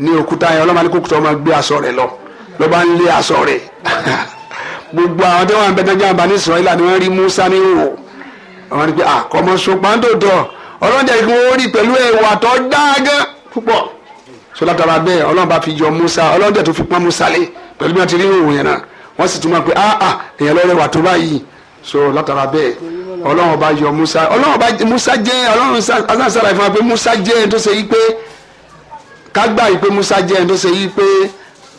ní òkúta yẹn ọlọ́mọ alikókòtò ọmọ gbé aṣọ rẹ̀ lọ lọ́ba ń lé aṣọ rẹ̀ gbogbo àwọn tí wọ́n ń bẹ̀tẹ̀ ní Israẹli ni wọ́n rí Musa ní wò wọ́n rí pé àkọ́mọ ṣùgbọ́n tó tọ̀ ọlọ́jà kí wọ́n rí pẹ̀lú ẹ̀wà tó dáagán púpọ̀ sọlátara bẹ́ẹ̀ ọlọ́ba fi yọ Musa ọlọ́jà tó fi pọ́n Musa lé pẹ̀lú bí wọ́n ti rí òwò yẹn náà wọ́n sì tún máa pé ah ah èèyàn lọ́rẹ́ wà tó báyìí so látara bẹ́ẹ̀ ọlọ́run ọba yọ Musa ọlọ́run ọba Musa jẹ́ ọlọ́run asánsá kágbà yìí pé Musa jẹ́ ẹni tó ṣe yìí pé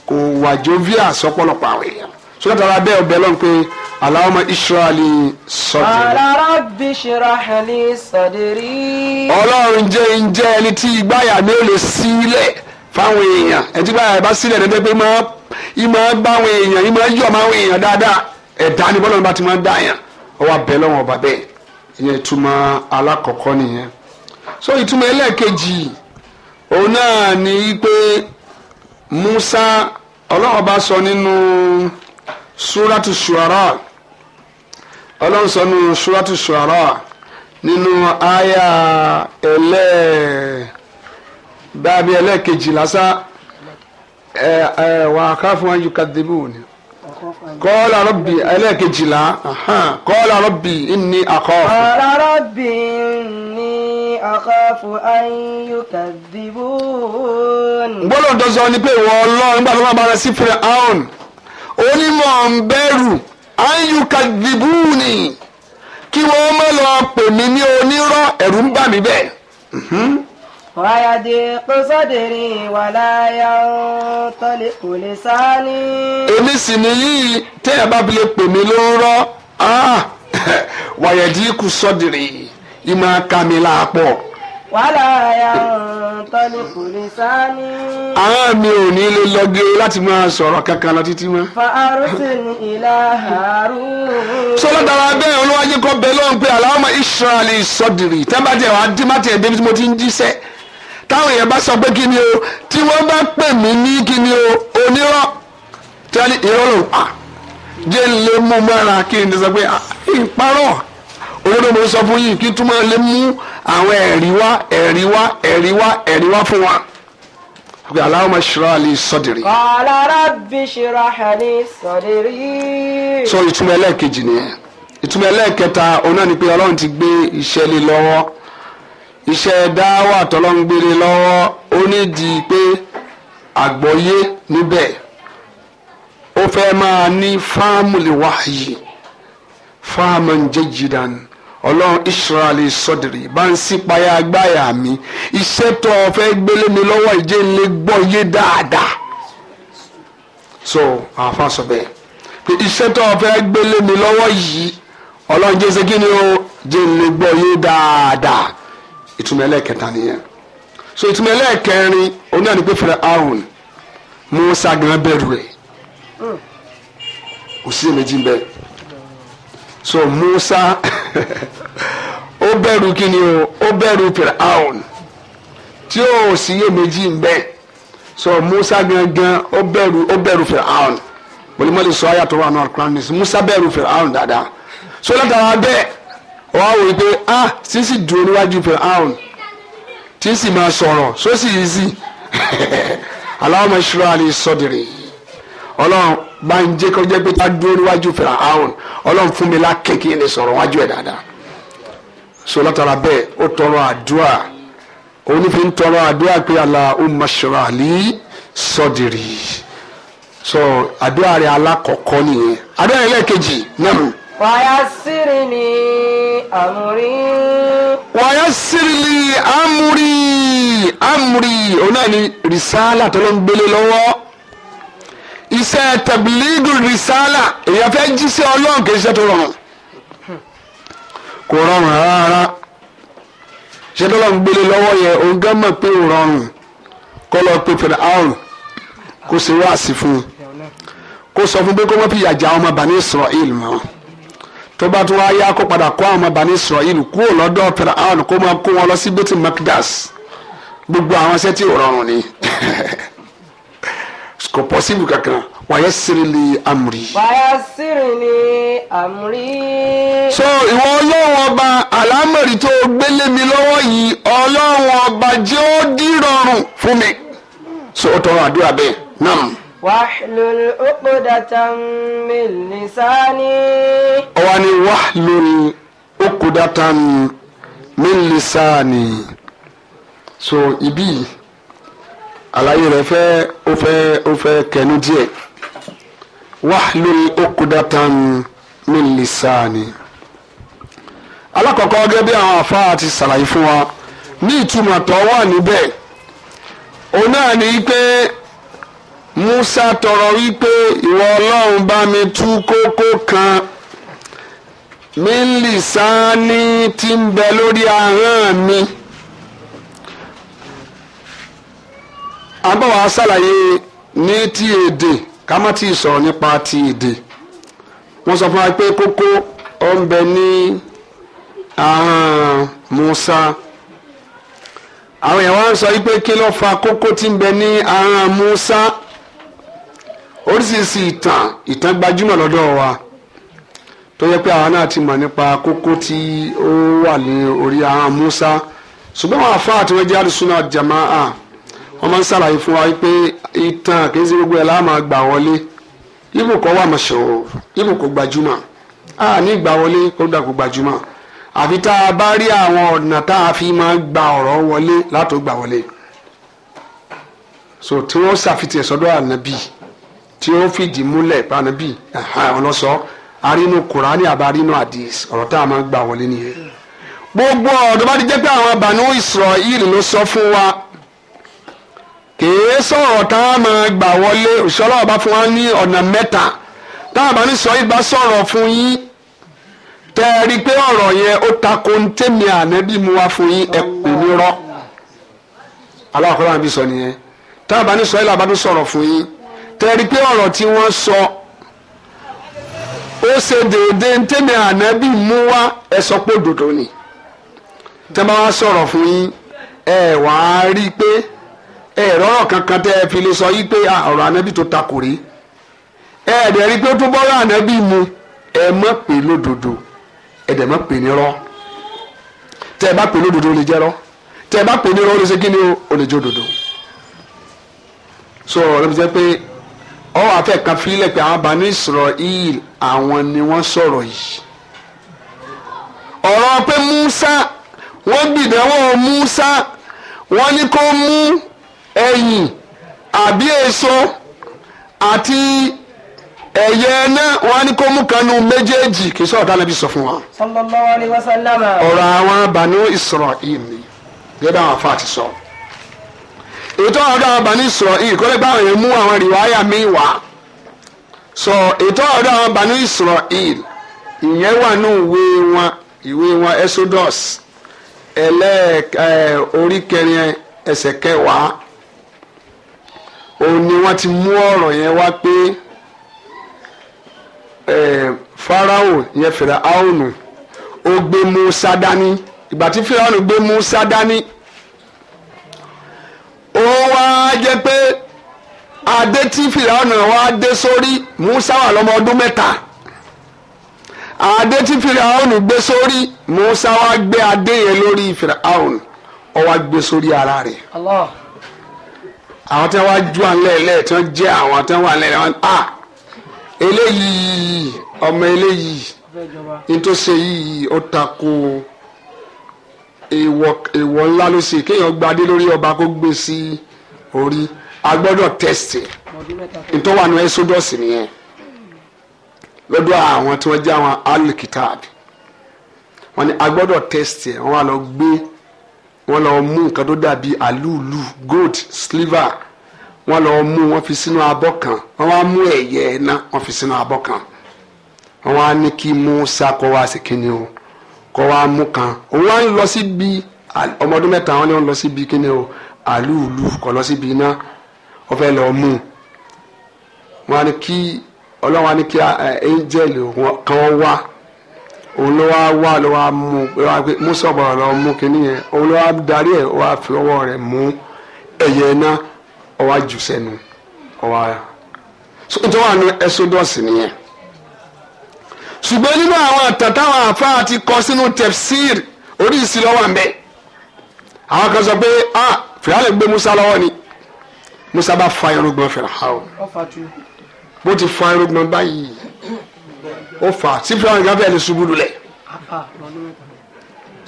kò wà jovial sọ́pọ̀lọpọ̀ àwọn èèyàn sọ́dọ̀ tara bẹ́ẹ̀ ọbẹ̀ lọ́n pé Allahumma ishrah li sadri. Ala rabbi ishrah li sadri. Ọlọ́run jẹ́ ń jẹ́ ẹni tí ìgbáyà mi ò lè sílẹ̀ fáwọn èèyàn ẹtí báyà ẹ bá sílẹ̀ ẹ̀dẹ́ pé ìmọ̀ báwọn èèyàn ìmọ̀ yọ̀ máwọn èèyàn dáadáa ẹ̀dá ni bọ́lá ọba ti máa ń dá yàn ọwọ́ abẹ́ lọ́wọ́ ọba bẹ́ẹ̀ ìyẹn ìtumọ̀ alákọ̀ọ́kọ́ nìyẹn so ìtumọ̀ ẹlẹ́ẹ̀kejì yìí òun náà ni Musa ọlọ́run bá sọ nínú suratu Shuara ọlọ́run sọ nínú suratu Shuara nínú àyà ẹlẹ́ bábí ẹlẹ́ẹ̀kejì lásán ẹ ẹ wà á ká fún wa yukadibuni kọ́ọ̀lá rọ́bì ẹlẹ́ẹ̀kejìlá kọ́ọ̀lá rọ́bì inni أخاف أن يكذبون gbọ́dọ̀ tó sọ ni pé ìwọ ọlọ́run nígbà tó máa bára sí Firaun onímọ̀ ń bẹ̀rù ayu kí wọ́n má lọ pè mí ní onírọ́ ẹ̀rù ń bà mí bẹ́ẹ̀. wàyàdì kòsódìrí wàláyà tọ́lẹ̀ kò lè sáni. èmi sì nìyí tẹ́ ẹ bá fi lè pè mí lóró wàyàdì kòsódìrí ìmọ̀ kàmìlà pọ̀. wàhálà ya ọ̀tọ̀ ni kò lè sáni. àwọn mi ò ní lè lọ́gẹ́ láti máa sọ̀rọ̀ kankan lọ títí mọ́. fa arúsìnì ìlà Harun. sọlá dara bẹ́ẹ̀ olúwájú kọ́ bẹ́ẹ̀ lọ́n pé aláwọ̀ israẹli sọ́dìrì tẹ́bàtẹ̀ wà á dín tí mo ti ń jíṣẹ́ táwọn èèyàn bá sọ pé kí ni o tí wọ́n bá pè mí ní kí ni o onírọ́ tí wọ́n ní ìrọ́lù jẹ́ ń lè mú kí n ti sọ pé ah, ìparọ́ owó ló mọ sọ fún yìí kí n túmọ̀ lè mú àwọn ẹ̀rí wá ẹ̀rí wá ẹ̀rí wá ẹ̀rí wá fún wa. Àgbẹ̀ aláwọ̀ máa ṣọ́ra àlè sọ́dìrì. Qala rabbi shrah li sadri. Sọ ìtumọ̀ ẹlẹ́ẹ̀kejì nìyẹn. Ìtumọ̀ ẹlẹ́ẹ̀kẹta òun náà ni pé Ọlọ́run ti gbé iṣẹ́ lé lọ́wọ́. Iṣẹ́ dáwà tọ́lọ́run gbélé lọ́wọ́ ó ní di pé àgbọ́yé níbẹ̀. Ó fẹ́ máa ní fáàmù lè wáyé. Fáàmù ń jẹ́ jìdánù ọlọ́run israẹli sọdiri bá ń sípayá agbáyà mi iṣẹ́ tó o fẹ́ gbélé mi lọ́wọ́ ìjẹ́ ilé gbọ́ yé dáadáa so àfa sọ bẹ́ẹ̀ pé iṣẹ́ tó o fẹ́ gbélé mi lọ́wọ́ yìí ọlọ́run jẹ́ kí ni o jẹ́ ilé gbọ́ yé dáadáa ìtumọ̀ ẹlẹ́ẹ̀kẹta nìyẹn so ìtumọ̀ ẹlẹ́ẹ̀kẹrin òun náà ni pé fúnra ahùn Musa gan kò sí èméjì bẹ́ẹ̀ so Musa ó bẹ̀rù kíni o ó bẹ̀rù Firaun tí ó sì yé méjì ń so Musa gangan ó bẹ̀rù ó bẹ̀rù Firaun olùmọ̀lẹ́ sọ ayé àtọwọ́ àná Al-Qur'an ní Musa bẹ̀rù Firaun dáadáa so látara bẹ́ẹ̀ wọ́n á wò ó pé ah tí sì dúró níwájú Firaun tí sì máa sọ̀rọ̀ sósì yìí sì Allahumma shrah li sadri ọlọ́run bá ń jẹ́ kọjá pé tá a dúró níwájú fèrè àwọn ọlọ́run fún mi lákè kí n lè sọ̀rọ̀ wájú ẹ̀ dáadáa so látara bẹ́ẹ̀ ó tọrọ àdúrà òun ń tọrọ àdúrà pé Allahumma shrah li sadri so àdúrà rẹ̀ alákọ̀ọ́kọ́ nìyẹn àdúrà rẹ̀ lẹ́ẹ̀kejì náà. wayassir li amri. wayassir li amri amri òun náà ni rìsáàlà tó ló ń gbélé lọ́wọ́ iṣẹ́ tẹ̀bílígù rìsálà èèyàn fẹ́ jíṣẹ́ ọlọ́run kì í ṣe tó rọrùn kò rọrùn rárá ṣe tó lọ́n gbélé lọ́wọ́ yẹ òun gán mọ̀ pé ò rọrùn kọ́ lọ pé fèrè àrùn kó ṣe wáàsí fún un kó sọ fún pé kó wọ́n fi yàjà ọmọ Bani Israel mọ́ tó bá tún wáyé kó padà kó àwọn ọmọ Bani Israel kúrò lọ́dọ̀ fèrè àrùn kó máa kó wọn lọ sí bẹ́tì Makdas gbogbo àwọn iṣẹ́ tí ò rọrùn ni kò pọ́sibú kankan wàyẹ siri ni amuri. wàyẹ siri ni amuri. so ìwọ ọlọ́run ọba àlámọ̀rí tó gbélé mi lọ́wọ́ yìí ọlọ́run ọba jẹ́ ó dìrọ̀rùn fún mi. so ó àdúrà bẹ́ẹ̀ náà. wahlul uqdatan min lisani. ọwọ́ ni wahlul uqdatan min lisani. so ibi yìí àlàyé rẹ̀ fẹ́ ó fẹ́ ó fẹ́ kẹnu díẹ̀ wahlul uqdatan min lisani alákọ̀ọ́kọ́ gẹ́gẹ́ bí àwọn àfáà ti ṣàlàyé fún wa ní ìtumọ̀ tó wà níbẹ̀ òun náà ni pé Musa tọrọ wípé ìwọ Ọlọ́run bá mi tú kókó kan min lisani tí ń bẹ lórí ahọ́n mi. àbọ̀ wa ṣàlàyé ní ti èdè ká má ti sọ̀rọ̀ nípa ti èdè wọ́n sọ fún wa pé kókó ó ń bẹ ní ah, Musa àwọn èèyàn wá ń sọ wípé kí ló fa kókó tí ń bẹ ní ahọ́n Musa oríṣiríṣi ìtàn ìtàn gbajúmọ̀ lọ́dọ̀ wa tó yẹ pé àwọn náà ti mọ̀ nípa kókó tí ó wà ní orí ah, Musa ṣùgbọ́n àfáà tí wọ́n jẹ́ àdùsùn náà wọ́n máa ń ṣàlàyé fún wa pé ìtàn kì í ṣe gbogbo ẹ̀ láà máa gbà wọlé ibù kọ́ wà mọ̀ṣẹ̀wò ibù kò gbajúmọ̀ a ní ìgbà wọlé kó dà kó gbajúmọ̀ àfi tá a bá rí àwọn ọ̀nà tá a fi máa gba ọ̀rọ̀ wọlé látò gbà wọlé so tí wọ́n ṣàfihàn sọ́dọ̀ ànábì tí ó fìdí múlẹ̀ pànábì ọlọ́sọ arínú kùránì àbárínú àdìs ọ̀rọ̀ tá a máa gbà wọlé nìyẹn gbogbo ọ̀dọ́ bá ti jẹ́ pé àwọn Banu Israel ló sọ fún wa kèé sọ̀rọ̀ tá a máa gbà wọlé òṣìṣẹ́ ọlọ́run bá fún wa ní ọ̀nà mẹ́ta tá a bá ní sọ ìgbà sọ̀rọ̀ fún yín tẹ́ ẹ rí i pé ọ̀rọ̀ yẹn ó ta ko ń tèmi ànábì mu wá fún yín ẹ pè mí rọ́ aláàkọ́lá àbí sọ nìyẹn tá a bá ní sọ ìlà bá tún sọ̀rọ̀ fún yín tẹ́ ẹ rí i pé ọ̀rọ̀ tí wọ́n sọ ó ṣe déédéé ń tèmi ànábì mu wá ẹ sọ pé òdòdó ni tẹ́ bá wá sọ̀rọ̀ fún yín ẹ wàá rí i pé ẹ̀rọ ọ̀rọ̀ kankan tẹ́ ẹ fi lè sọ yí pé ọ̀rọ̀ ànábì tó takò rí ẹ̀ẹ́dẹ̀ rí pé tó bọ́rọ̀ ànábì mu ẹ mọ̀ pé lódodo ẹ̀dẹ̀ mọ̀ pé nírọ́ tẹ́ ẹ bá pè lódodo ó lè jẹ́rọ́ tẹ́ ẹ bá pè nírọ́ ó lè ṣe kí ni ó lè jẹ́ òdodo so ọ̀rọ̀ mi sẹ́ pé ọwọ́ afẹ́ kan fílẹ̀ pé àwọn Bani Israel àwọn ni wọ́n sọ̀rọ̀ yìí ọ̀rọ̀ pé Musa wọ́n gbìdánwò Musa wọ́n ní kó mú ẹyìn àbí èso àti ẹyẹ ẹnẹ wọn ni kó mú kanú méjèèjì kì í sọ ọ̀tá nàbí sọ fún wa. ọ̀rọ̀ àwọn Banu Isra'il ni gẹ́gẹ́ àwọn afa ti sọ. ètò àwọn ọ̀dọ́ àwọn Banu Isra'il kọ́lẹ́ bá àwọn yẹn mú àwọn rìwáyà mi wá. sọ ètò àwọn ọ̀dọ́ àwọn Banu Isra'il ìyẹn wà ní ìwé wọn ìwé wọn Exodus ẹlẹ́ẹ̀ orí kẹrin ẹsẹ̀ kẹwàá òun ni wọ́n ti mú ọ̀rọ̀ yẹn wá pé farao yẹn fèrè aonu ó gbé musa dání ìgbà tí farao gbé musa dání ó wá jẹ́ pé adé tí farao wá dé sórí musa wà lọ́mọ ọdún mẹ́ta adé tí farao gbé sórí musa wá gbé adé yẹn lórí farao ó wá gbé sórí ara rẹ̀. Allah àwọn tí wọ́n wá ju àlẹ́ ẹ̀lẹ́ tí wọ́n jẹ́ àwọn tí wọ́n wà lẹ́lẹ́ wọn à ah, eléyìí ọmọ eléyìí nítòsí yìí ó tako èèwọ̀ ńlá ló ṣe kéèyàn gbadé lórí ọba kó gbé sí orí a gbọ́dọ̀ tẹ̀sì e. nítorí wà ní nìyẹn lọ́dọ̀ àwọn tí wọ́n jẹ́ àwọn alìkítàbí wọ́n ní a gbọ́dọ̀ tẹ̀sì ẹ̀ wà lọ gbé wọ́n lọ mú nǹkan tó dàbí àlúùlù gold sliver. wọ́n lọ mú wọ́n fi sínú kan wọ́n wá mú ẹ̀yẹ ẹ̀ná wọ́n fi sínú abọ́ kan wọ́n wá ní kí mú kọ́ wá sí kíni o kọ́ wá mú kan wá lọ ọmọ ọdún lọ síbi kíni o lọ síbi iná lọ mú wá ní kí ọlọ́wọ́n wá ní kí òun ló wá wá ló wá mú ló wá pé musa ọ̀bọ̀rọ̀ lọ mú kínní yẹn òun ló wá darí ẹ̀ wá fi ọwọ́ rẹ̀ mú ẹ̀yẹ náà ọwá jù sẹ́nu ọwá so nítorí wà ní Exodus nìyẹn ṣùgbọ́n nínú àwọn àtàtàwọn àfáà ti kọ sínú tefsir oríṣi lọ́wọ́ àmbẹ́ àwọn kan sọ pé ah fìlàlẹ̀ gbé musa lọ́wọ́ ni musa bá fa irúgbọ́n fìlà ha o bó ti fa irúgbọ́n báyìí ó fà sí fúláwọn ìgbà bẹ́ẹ̀ lè ṣubú lulẹ̀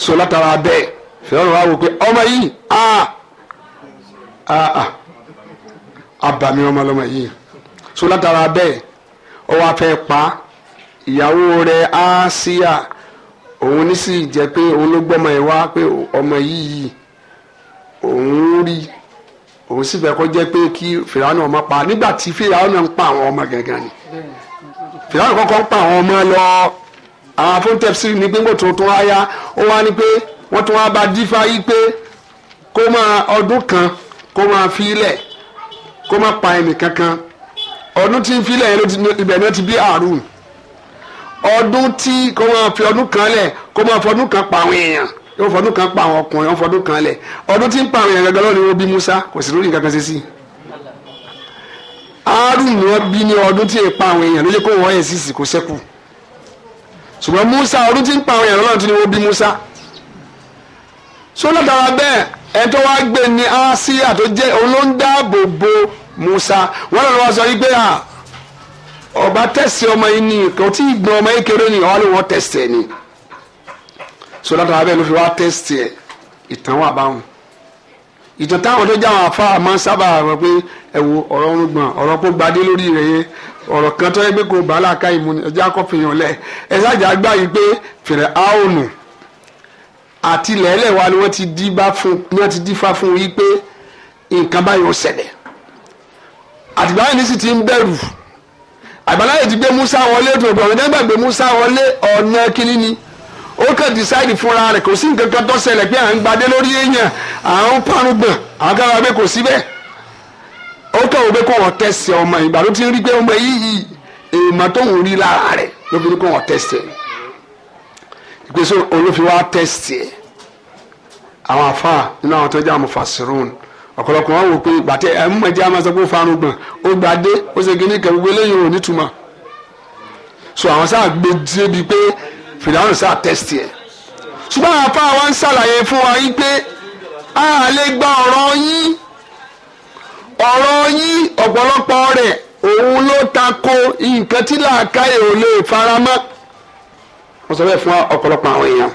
so látara bẹ́ẹ̀ fìlọ́nù wa wò pé ọmọ yìí aa aa abàmì ọmọ lọmọ yìí so látara bẹ́ẹ̀ ó wá fẹ́ pa ìyàwó rẹ̀ Àsíyà òun ní sì jẹ́ pé òun ló gbọ́mọ ẹ̀ wá pé ọmọ yìí òun rí òun sì fẹ́ kó jẹ́ pé kí fìlọ́nù ọmọ pa nígbà tí fìlọ́nù ń pa àwọn ọmọ gẹ̀gẹ̀ ni fìlànà kọ́kọ́ ń pa àwọn ọmọ lọ àwọn afọ́ntẹ́sì ní gbẹ́ngbò tó tún wáyá ó wá ní pé wọ́n tún wá bá dífá yí pé kó máa ọdún kan kó máa filẹ̀ kó máa pa ẹnì kankan ọdún tí ń filẹ̀ yẹn ibẹ̀ náà ti bí àrùn ọdún tí kó máa fi ọdún kan lẹ̀ kó máa fọdún kan pa àwọn èèyàn yóò fọdún kan pa àwọn ọkùnrin yóò fọdún kan lẹ̀ ọdún tí ń pa àwọn èèyàn gẹ́gẹ́ lọ́nà ìwọ bí Musa kò sí lórí nǹkan kan ṣe sí i aarun ni wọ́n bí ní ọdún tí èèpa àwọn èèyàn ló yẹ kó wọ́n ẹ̀sìn sì kó sẹ́kù ṣùgbọ́n musa ọdún tí ń pa àwọn èèyàn lọ́nà tí ni wọ́n bí musa sọlá dára bẹ́ẹ̀ ẹ̀ tó wá gbé ní asia tó jẹ́ olóńdàbò bo musa wọ́n lọ́nà wá sọ wípé à ọba tẹ̀sí ọmọ yìí ni kò tí ì gbọ́n ọmọ yìí kéré ni ọ̀hán ló wọ́n tẹ̀sí ẹ̀ ni sọlá dára bẹ́ẹ̀ ló fi wá tẹ̀sí ẹ̀ ìtàn wà báwọn ìtàn táwọn tó jáwọn afá máa ń sábà rọ pé ẹ wo ọ̀rọ̀ orúngbọ̀n ọ̀rọ̀ kó gbadé lórí rẹ̀ yẹn ọ̀rọ̀ kan tó yẹ pé kò bá làákà ìmú ni ẹja kọ́ fìyàn lẹ̀ ẹ ṣáàjà gbà yìí pé fèrè áònù àti lẹ́lẹ̀ wa ni wọ́n ti dífá fún ni wọ́n ti dífá fún yìí pé nǹkan báyìí ó ṣẹlẹ̀ àtìgbà yìí ní sì ti ń bẹ̀rù àgbàláyè ti gbé Musa wọlé tó gbọ̀ngàn nígbà gbé Musa wọlé ọ̀nà ni ó kàn decide fúnra rẹ̀ kò sí nǹkan kan tó ṣẹlẹ̀ pé à ń gbadé lórí èèyàn à ń parun gbọ̀n àwọn kan wà pé kò sí bẹ́ẹ̀ ó kàn wọ́n pé kó wọ́n tẹ̀sẹ̀ ọmọ ìgbà tó ti rí pé ọmọ yìí èèmọ̀ tó ń rí lára rẹ̀ ló fi ní kó wọ́n tẹ̀sẹ̀ ìpèsè olófin wa tẹ̀sẹ̀ àwọn afa nínú àwọn tó jẹ́ àmúfàsirun ọ̀pọ̀lọpọ̀ wọn wò pé gbàtẹ́ ẹ̀ ń mọ̀jẹ́ àmọ́ sọ pé ó farun gbọ̀n ó gbadé ó ṣe kíní kẹ̀ gbogbo eléyìí ò ní túmọ̀ so àwọn sáà gbé débi pé fìdáhùn sáà tẹ́sítì ẹ̀ ṣùgbọ́n àfa wa ń ṣàlàyé fún wa yìí pé a lè gba ọ̀rọ̀ yín ọ̀rọ̀ yín ọ̀pọ̀lọpọ̀ rẹ̀ òun ló tako nǹkan tí làákàyè ò lè faramọ́ wọ́n sọ bẹ́ẹ̀ fún ọ̀pọ̀lọpọ̀ àwọn èèyàn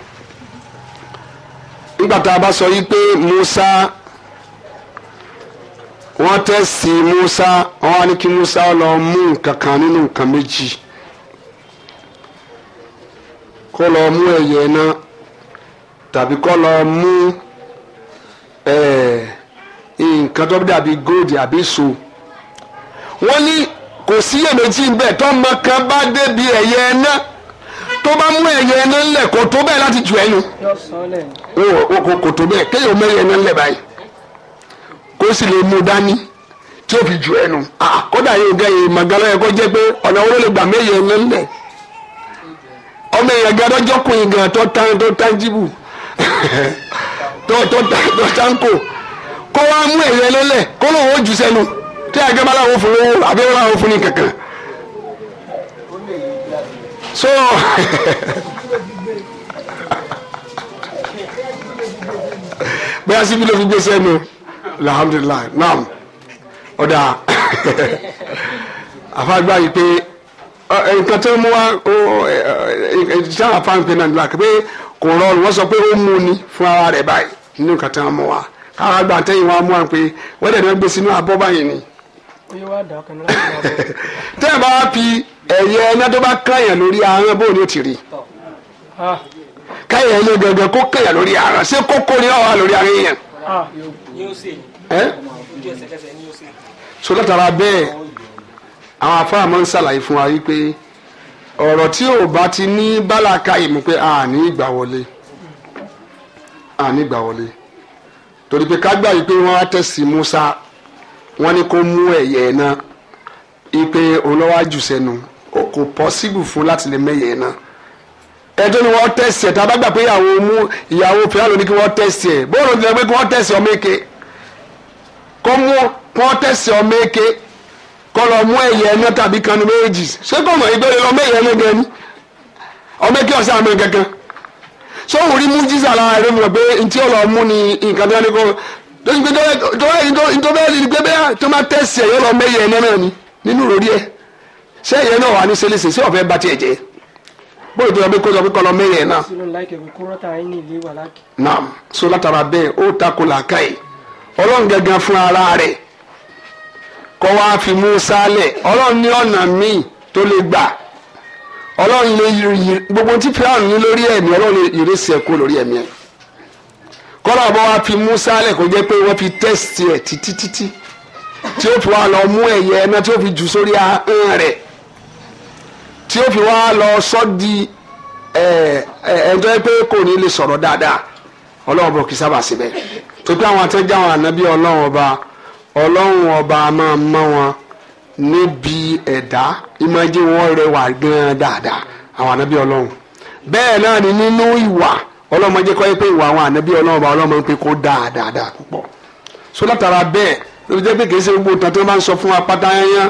nígbà tá a bá sọ yìí pé Musa wọ́n tẹ̀sí Musa wọ́n á ní kí Musa lọ mú nǹkan kan nínú nǹkan méjì kó lọ mú ẹyẹ náà tàbí kó lọ mú nǹkan tó dàbí góòdì àbí so wọ́n ní kò síyèméjì ń bẹ tọ́mọ kan bá débi ẹyẹ náà tó bá mú ẹyẹ ẹná ńlẹ̀ kò tó bẹ́ẹ̀ láti jù ẹnu kò tó bẹ́ẹ̀ kéèyàn mẹyẹ ẹná ńlẹ̀ báyìí kó sì lè mú dání tí ó fi jù ẹnu kódà yóò gẹ yìí màgàlá yẹ pé ọ̀nà owó lè gbà mẹyẹ ẹná ńlẹ̀ ọmọ èèyàn gan lọ́jọ́ kùn yín gan tó tán tó tán jíbù tó tó tó tán kò kó wá mú èèyàn lọ́lẹ̀ kó lóun ó jù sẹ́nu tí àgbẹ̀bá làwọn fún lówó àbí wọn làwọn fún ní kankan. so bóyá síbi ló fi gbé sẹ́nu alhamdulilayi naam ọ̀dà àfàgbà yìí pé nǹkan tó mú wa sáà fáńpé náà nígbà pé kò rọrùn wọ́n sọ pé ó mú ni fún ara rẹ̀ báyìí nínú nǹkan tó mú wa kára gbà tẹ́yìn wa mú wa pé wọ́n dẹ̀ ní wọ́n gbé sínú abọ́ báyìí ni. tẹ́ ẹ bá wá fi ẹ̀yẹ ẹ̀yẹ tó bá káyàn lórí ahọ́n bóun ni ó ti rí káyàn ẹ̀yẹ gẹ̀gẹ̀ kó káyàn lórí ahọ́n ṣé kókó ni ó wà lórí ahọ́n yẹn. so látara bẹ́ẹ̀ àwọn afáà máa ń ṣàlàyé fún wa wípé ọ̀rọ̀ tí ò bá ti ní bálàkà ìmú pé a ní ìgbà wọlé a ní ìgbà wọlé torí pé ká gbà wípé wọ́n á tẹ̀sí Musa wọ́n ní kó mú ẹ̀yẹ náà ipe olówájú sẹ́nu kò pọ́síbù fún láti lè mẹ́yẹ náà ẹjọ́ ni wọ́n tẹ̀sí ẹ̀ tá a bá gbà pé ìyàwó mú ìyàwó fìyà lóní kí wọ́n tẹ̀sí ẹ̀ bóòlù ti lọ kí wọ́n tẹ̀sí ọmọ èké kó mú kó tẹ̀sí ọmọ èké kọ́ lọ mú ẹ̀yẹ ẹ̀mẹ́ tàbí kanu méjì ṣé kò mọ̀ ìgbẹ́rẹ́ lọ mẹ́yẹ ẹ̀mẹ́ gan ni ọmọ kí ọ̀sẹ̀ àmọ́ kankan ṣé òun rí mú jísà lára rẹ̀ mọ̀ pé ntí ọ̀lọ́ mú ni nǹkan tó ní kó tó bá tẹ̀sí ẹ̀yẹ lọ mẹ́yẹ ẹ̀mẹ́ náà ni nínú ìròrí ẹ̀ ṣé ẹ̀yẹ náà wà ní sẹ́lẹ̀sẹ̀ ṣé ọ̀fẹ́ bá tiẹ̀ jẹ́ bóyá ìjọba bí kọjọ bí kọlọ mẹ́yẹ náà. naam so látara bẹ́ẹ̀ ó takò làákàyè ọlọ́run gẹ́gẹ́ fún ara rẹ̀ kọ́ wá fi Musa lẹ̀ ọlọ́run ní ọ̀nà míì tó lè gbà ọlọ́run lè gbogbo tí Firaun ní lórí ẹ̀mí ọlọ́run lè ìrẹsì ẹ̀kọ́ lórí ẹ̀mí ẹ̀ kọ́lá ọba wa fi Musa lẹ̀ kó jẹ́ pé wọ́n fi tẹ́sítì ẹ̀ títí títí tí ó fi wá lọ mú ẹ̀yẹ ẹ̀ná tí ó fi jù sórí ahọ́n rẹ̀ tí ó fi wá lọ sọ́ di ẹ̀ẹ́dọ́ pé kò ní lè sọ̀rọ̀ dáadáa ọlọ́run bọ̀ kì í sábà síbẹ̀ tó pé àwọn atẹ́jáwọn ànábí ọlọ́run ọba ọlọ́run ọba máa mọ́ wọn níbi ẹ̀dá ìmọ̀jẹ́ wọn rẹwà gan dáadáa àwọn ànábì ọlọ́run bẹ́ẹ̀ náà ni nínú ìwà ọlọ́mọ jẹ́ kọ́ yẹ pé ìwà àwọn ànábì ọlọ́run ọba ọlọ́mọ ń pe kó dáadáa púpọ̀ so látara bẹ́ẹ̀ lórí jẹ́ pé kìí ṣe gbogbo ìtàn tó máa ń sọ fún wa pátáyányá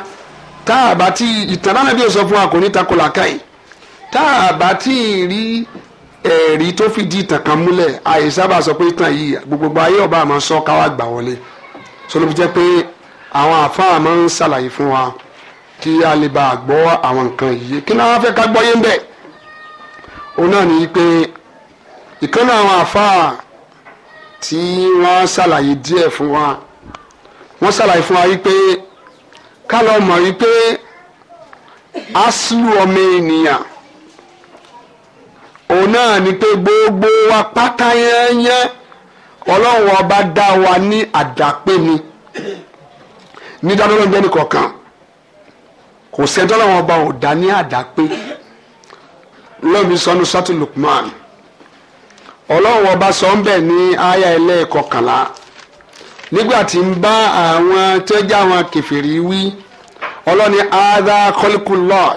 tá a bá tí ìtàn náà bí ó sọ fún wa kò ní takò làkàì tá a bá tí rí ẹ̀rí tó fìdí ìtàn kan múlẹ̀ àyè sábà sọ pé ìtàn yìí gbogbo ayé ọba àmọ́ sọ káwá gbà wọlé sọlọ́bi jẹ́ pé àwọn àfáà máa ń ṣàlàyé fún wa kí a lè bá gbọ́ àwọn nǹkan yìí kí náà wọ́n fẹ́ ká gbọ́ yé ń bẹ̀ òun náà ní pé ìkànnì àwọn àfáà tí wọ́n ṣàlàyé díẹ̀ fún wa wọ́n ṣàlàyé fún wa wípé ká lọ mọ̀ wípé aṣílù ọmọ ènìyàn òun náà ní pé gbogbo wa pátá yẹn yẹn ọlọ́run ọba dá wa ní àdàpé ni ní dábẹ́lẹ́ ọjọ́ nìkọ̀ọ̀kan kò sẹ́jọ́ ọlọ́run ọba ò dá ní àdàpé lọ́ọ̀bì sọ́nu sọ́tù Lukman ọlọ́run ọba sọ ń bẹ̀ ní aya ẹlẹ́ẹ̀kọkànlá nígbà tí ń bá àwọn tẹ́jà àwọn kẹfìrí wí ọlọ́ni ada kọ́líkùlọ́ọ̀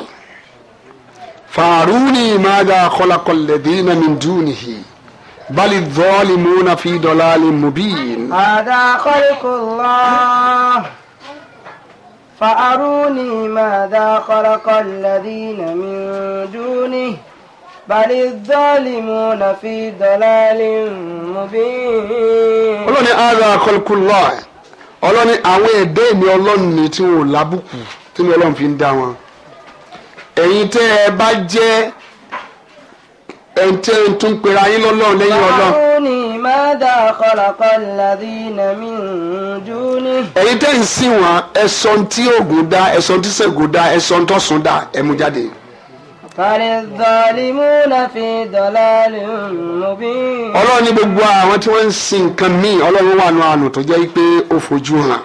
fàrúnì máa da kọ́lákọ́lẹ̀dínà min bali zalimuna fi dalalin mubin. hada khalqullah fa'aruni madha khalaqa alladhina min dunihi bali zalimuna fi dalalin mubin. ọlọ́ni hada khalqullah ọlọ́ni àwọn ẹ̀dá èmi ọlọ́run ni tí wọn ò lábùkù tí mi ọlọ́run fi ń dá wọn ẹ̀yin tẹ́ ẹ bá jẹ́ ẹ̀ǹtẹ́ tún pera yín lọ́lọ́run lẹ́yìn ọlọ́run. báwọnì mẹ́ta kọlọ́kọ́ làdí nàmí júni. ẹ̀yin tẹ́ ń sìn wọn ẹ̀sọ́ tí oògùn dá ẹ̀sọ́ tí sẹ́gun dá ẹ̀sọ́ tó sùn dá ẹ̀ mú jáde. فَلِلظَّالِمُونَ فِي ضَلَالٍ مُّبِينٍ. ọlọ́run ní gbogbo àwọn tí wọ́n ń sin nǹkan míì ọlọ́run wà nù àánú tó jẹ́ pé ó fojú hàn.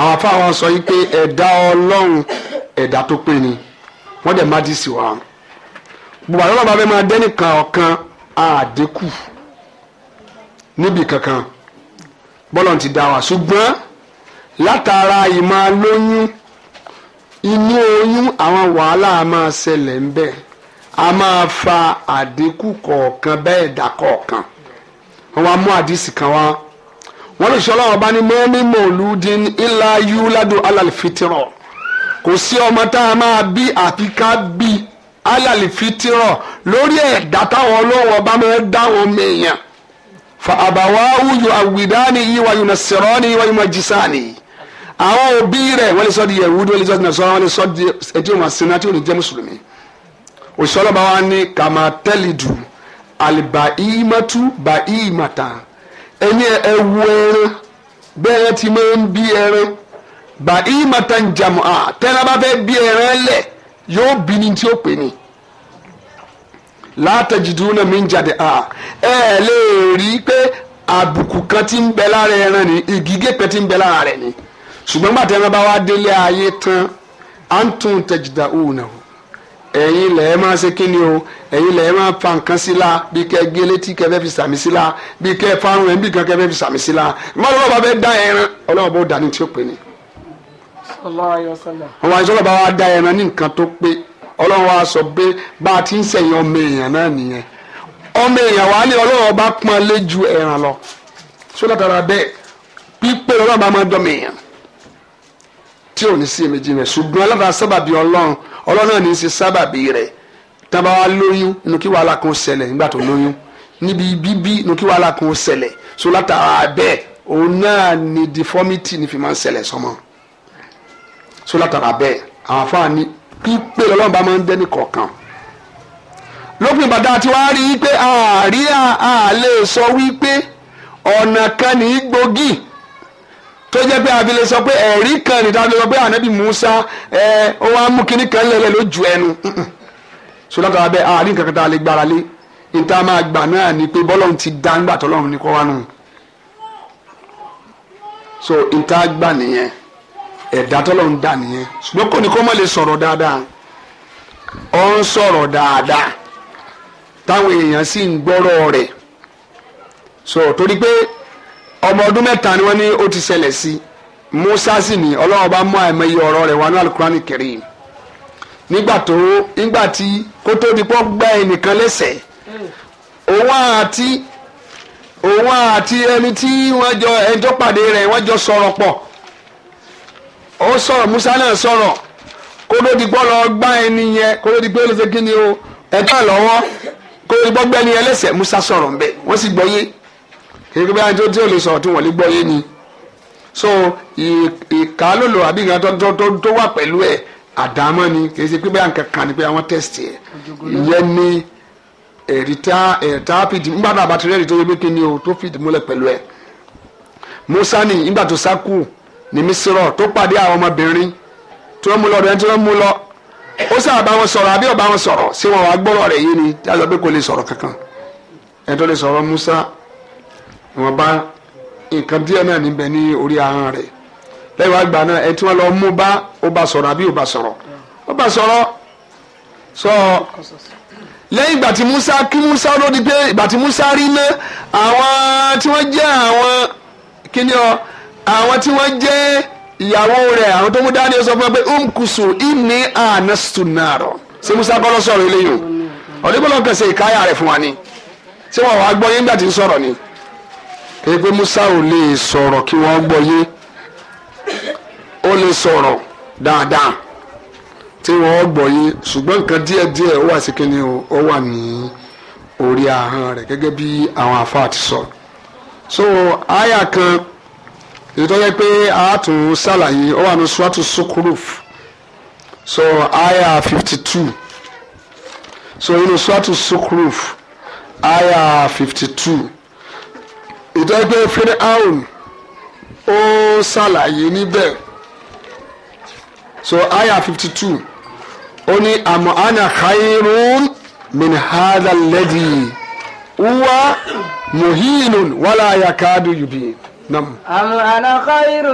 àwọn afáwọn sọ yìí ẹ̀dá ọlọ́run ẹ̀dá tó pé ni wọ́n dẹ̀ má dì sí wa bùbá lọ́wọ́ bá fẹ́ máa dẹ́nìkan ọ̀kan àdínkù níbi kankan bọ́lọ̀ ti dá wa ṣùgbọ́n látara ìmọ̀ lóyún inú oyún àwọn wàhálà máa ṣẹlẹ̀ ń bẹ̀ a máa fa àdínkù kọ̀ọ̀kan bẹ́ẹ̀ dà kọ̀ọ̀kan wọ́n wá mú àdísì kan wá wọ́n lè ṣe ọlọ́wọ́ bá ní mọ́mí mọ̀lúdín ilá yúládùn alàlfitìrọ̀ kò sí ọmọ tá a máa bí àfi ká bí alali fitirọ lórí ẹ̀dá táwọn ọlọ́wọ́ bá máa dá omi èèyàn fa àbáwáwú yóò àwìdání yìí wáyé na sẹ̀rọ́ ni wáyé ma jísà ni àwọn òbí rẹ̀ wọ́n lè sọ di yẹ̀wúdí wọ́n lè sọ di nasọ́ra wọ́n lè sọ di ẹtí wọn sinna tí wọn lè jẹ́ mùsùlùmí òṣìṣọ́lọ́ bá wà kàmá tẹ́lì àlìbà ìmọ̀tú bà ìmọ̀tà ẹni ẹwu ẹran bẹ́ẹ̀ ti máa ń bí ẹran bà ìmọ̀tà ń jàmù à tẹ́lábàfẹ́ bí ẹran lẹ̀ yóò bí ni tí ó pè ní látẹ̀jìdúnà mi ń jáde à ẹ lè rí i pé àbùkù kan ti ń bẹ lára ẹran ni ìgígé kan ti ń bẹ lára rẹ̀ ni ṣùgbọ́n gbàtẹ́ ẹran bá wá délé ayé tán à ń tún tẹ̀jìdà òun àwọn ẹ̀yin lẹ̀ ẹ́ máa ṣe kí ni o ẹ̀yin lẹ̀ ẹ́ máa fa nǹkan sí la bí kẹ́ gé létí kẹ́ fẹ́ fi sàmì sí la bí kẹ́ fárun ẹ̀ ń bì kan kẹ́ fẹ́ fi sàmì sí la máa lọ́wọ́ bá fẹ́ dá ẹran ọlọ́wọ́ bó dání tí ó pè ní. wọ́n wá sọ́lọ́ bá wa dá ẹran ní nǹkan tó pé ọlọ́run wa sọ pé bá a ti ń sẹ̀yìn ọmọ èèyàn náà nìyẹn ọmọ èèyàn wa ni ọlọ́run ọba pọ́n lé ju ẹran lọ sódà tara bẹ́ẹ̀ pípé ọlọ́run ọba máa dọ́mọ èèyàn tí ò ní sí èméjì rẹ̀ ṣùgbọ́n alábàá sábàbí ọlọ́run ọlọ́run náà ní í ṣe sábàbí rẹ̀ tábà wá lóyún inú kí wàhálà kan ṣẹlẹ̀ nígbà tó lóyún níbi bíbí inú kí wàhálà kan ṣẹlẹ̀ sódà tara bẹ́ẹ̀ òun náà ni deformity ní fi máa ń ṣẹlẹ̀ sọmọ sódà tara bẹ́ẹ̀ àwọn afáàní pípé lọ́lọ́run bá máa ń dẹ́ni kọ̀ọ̀kan lópin bàtà tí wàá rí i pé àárí à lè sọ wípé ọ̀nà kan ní gbòógì tó jẹ́ pé àbí lè sọ pé ẹ̀rí kan ní tàbí lè sọ pé ànábì Musa ẹ ó wá mú kinní kan lẹ́lẹ̀ lójú ẹnu sọlọ́tà abẹ́ àárín kankan tá a lè gbára lé níta máa gbà náà ni pé bọ́lọ́run ti dá ńgbà tọ́lọ́run ní kọ́ wá nù so níta gbà nìyẹn ẹ̀dá tọ́lọ́run dà nìyẹn ṣùgbọ́n kò ní kó má lè sọ̀rọ̀ dáadáa ó ń sọ̀rọ̀ dáadáa táwọn èèyàn sì ń gbọ́rọ̀ rẹ̀ so torí pé ọmọ ọdún mẹ́ta ni wọ́n ní ó ti ṣẹlẹ̀ sí Musa sì ní Ọlọ́run bá mú àìmọye ọ̀rọ̀ rẹ̀ wá ní alukurani Karim nígbà tó nígbà tí kó tó di pọ́ gbá ẹnìkan lẹ́sẹ̀ òun àti òun àti ẹni tí wọ́n jọ ẹjọ́ pàdé rẹ̀ wọ́n jọ sọ̀rọ̀ pọ̀ ó sọ̀rọ̀ Musa náà sọ̀rọ̀ kó ló di gbọ́ lọ gbá ẹni yẹn kó ló di gbé lọ́sẹ̀ kí ni o ẹ̀ka lọ́wọ́ kó ló di gbọ́ gbẹ́ni yẹn Musa sọ̀rọ̀ ńbẹ wọ́n sì gbọ́ yé kékeré bí wọ́n ti ò lè sọ̀rọ̀ tí wọ́n lè gbọ́ yé ni so ìkálòlò àbí nǹkan tó wà pẹ̀lú ẹ̀ àdámọ́ ni kì í ṣe pé bẹ́ẹ̀ nǹkan kan ni pé àwọn tẹ́sítì ẹ̀ ìyẹn ni ẹ̀rìtá ẹ̀rìtá fìdí nígbà tó àbàtúrẹ́rì tó yẹ kí ni o tó fìdí múlẹ̀ pẹ̀lú ẹ̀ Musa ni nígbà tó sá kù ní misrọ tó pàdé àwọn ọmọbìnrin tí wọ́n mú lọ ọdún tí wọ́n mú lọ ó sábà bá wọn sọ̀rọ̀ àbí ó bá wọn sọ̀rọ̀ sí wọn wàá gbọ́rọ̀ rẹ̀ yé ni tí a sọ pé kò lè sọ̀rọ̀ kankan ẹni tó lè sọ̀rọ̀ Musa wọn bá nǹkan díẹ̀ náà níbẹ̀ ní orí ahọ́n rẹ̀ lẹ́yìn wá gbà náà ẹni tí wọ́n lọ mú bá ó bá sọ̀rọ̀ àbí ó bá sọ̀rọ̀ ó sọ lẹ́yìn ìgbà tí Musa kí Musa ló di pé ìgbà tí Musa rí ná àwọn tí wọ́n jẹ́ àwọn kí ni ọ àwọn tí wọ́n jẹ́ ìyàwó rẹ̀ àwọn tó mú dání sọ fún ẹ pé umkusu ìní ànásùtù nàárọ̀ ṣé musa kọ́ ló sọ̀rọ̀ eléyìí o ọ̀dẹ́gbọ́n kan ṣe ìkáyà rẹ̀ fún wa ni ṣé wọn wàá gbọ́ yín nígbà tí ń sọ̀rọ̀ ni kí pé musa ò lè sọ̀rọ̀ kí wọ́n gbọ́ yín ó lè sọ̀rọ̀ dáadáa tí wọ́n gbọ́ yín ṣùgbọ́n nǹkan díẹ̀díẹ̀ ó wà sí kíni o ó wà ní orí ahọ́n rẹ̀ gẹ́gẹ́ bí àwọn àfáà ti sọ so àyà kan. So, èyí tó yẹ pé a tún ṣàlàyé ó wà ní suwatu sukuruf so aya fifty two so inú suwatu sukuruf aya fifty two èyí tó yẹ pé firaun ó ṣàlàyé níbẹ̀ so aya fifty two ó ní àmọ́ ana khairun min hadha alladhi huwa muhinun wala yakadu yubi. نعم أم أنا خير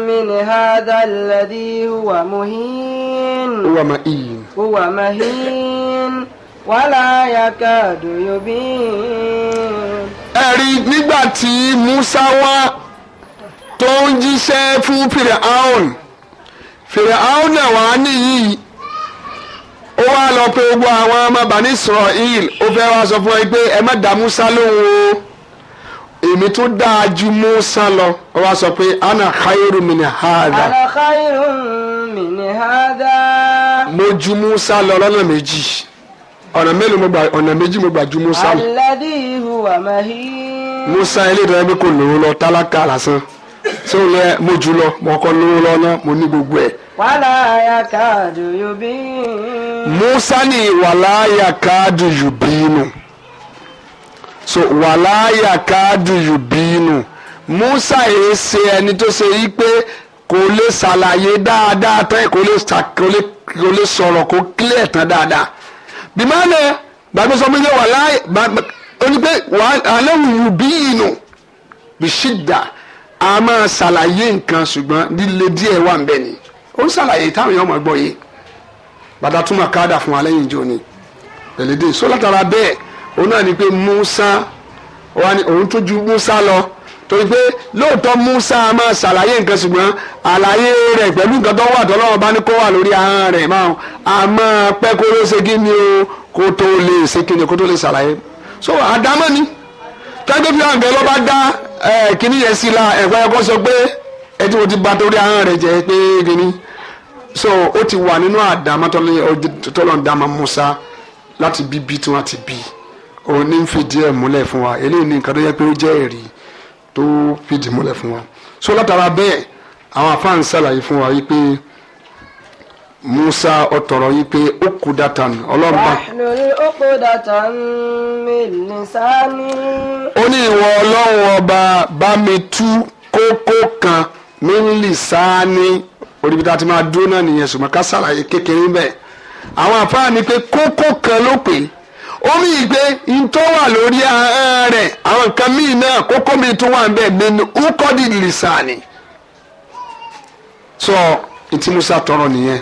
من هذا الذي هو مهين هو مهين هو مهين ولا يكاد يبين ẹ̀rí nígbà tí Musa wá tó ń jíṣẹ́ fún Firaun Firaun náà wà níyì ó wá lọ pé gbogbo àwọn ọmọ Bani Israel ó fẹ́ wá sọ fún ẹ pé ẹ má dá Musa lóhùn o èmi tó dáa ju Musa lọ ó wá sọ pé ana khairu min hada. ana khairu min hada. mo ju Musa lọ lọ́nà méjì ọ̀nà mélòó mo gbà ọ̀nà méjì mo gbà ju Musa lọ. alladhi huwa mahin. Musa eléyìí bí kò lówó lọ tálákà lásán tí ó lẹ mo jù lọ mo kọ lówó lọ náà mo ní gbogbo ẹ. wàlá ya káàdù yóò bí. Musa ni wàlá ya káàdù yóò bí nù. No so wàláyà káàdù yùbínú Musa yìí ṣe ẹni tó ṣe yí pé kò lè ṣàlàyé dáadáa tán kò lè kò lè sọ̀rọ̀ kò clear tán dáadáa bímọ́lẹ̀ gbàgbọ́ sọ pé wàláyà ó ní pé wàhálà yùbínú bìṣídà a máa ṣàlàyé nǹkan ṣùgbọ́n líle díẹ̀ wà ń bẹ ni ó ń ṣàlàyé táwọn èèyàn máa gbọ́ yìí bàtà túmọ̀ káàdà fún wa lẹ́yìn ìjọ ni lẹ́lẹ́dẹ́ sólátara bẹ́ẹ̀ òun náà ni pé Musa wà ní òun tó Musa lọ torí pé lóòótọ́ Musa máa ṣàlàyé nǹkan ṣùgbọ́n àlàyé rẹ̀ pẹ̀lú nǹkan tó wà tọ́lọ́wọ́ bá ní kó wà lórí ahọ́n rẹ̀ máa a máa pẹ́ kó ló ṣe kí ni o kó tó lè ṣe kí ni kó tó lè ṣàlàyé so àdámọ́ ni tẹ́gbẹ́ fi hàn gẹ́ ló bá dá kíní yẹn sí la ẹ̀kọ́ ẹ̀kọ́ sọ pé ẹtí mo ti ba torí ahọ́n rẹ̀ jẹ́ pé kíní so ó ti wà nínú àdámọ́ tọ́lọ́ ń dá ma Musa láti bíbí tí wọ́n ti bí òun ní fìdí ẹ̀ múlẹ̀ fún wa eléyìí ní nǹkan tó yẹ pé ó jẹ́ ẹ̀rí tó fìdí múlẹ̀ fún wa so látara bẹ́ẹ̀ àwọn afáàn ṣàlàyé fún wa wípé Musa ọtọrọ yìí ó kú dátàn ọlọ́mọba. lórí ó kú dátàn mi ní ó ní ìwọ ọlọ́run ọba bá mi tú kókó kan mi ń lì sáni orí bí tá a ti máa dúró náà nìyẹn ṣùgbọ́n ká ṣàlàyé kékeré bẹ́ẹ̀ àwọn afáàn ni pé kókó kan ló pè é omi ìgbé ntọ́ wà lórí ahọ́n eh, rẹ̀ àwọn nǹkan míì náà kókó mi tún wà bẹ́ẹ̀ nínú ukọ́dì lìsàní. sọ ìtí musa tọrọ nìyẹn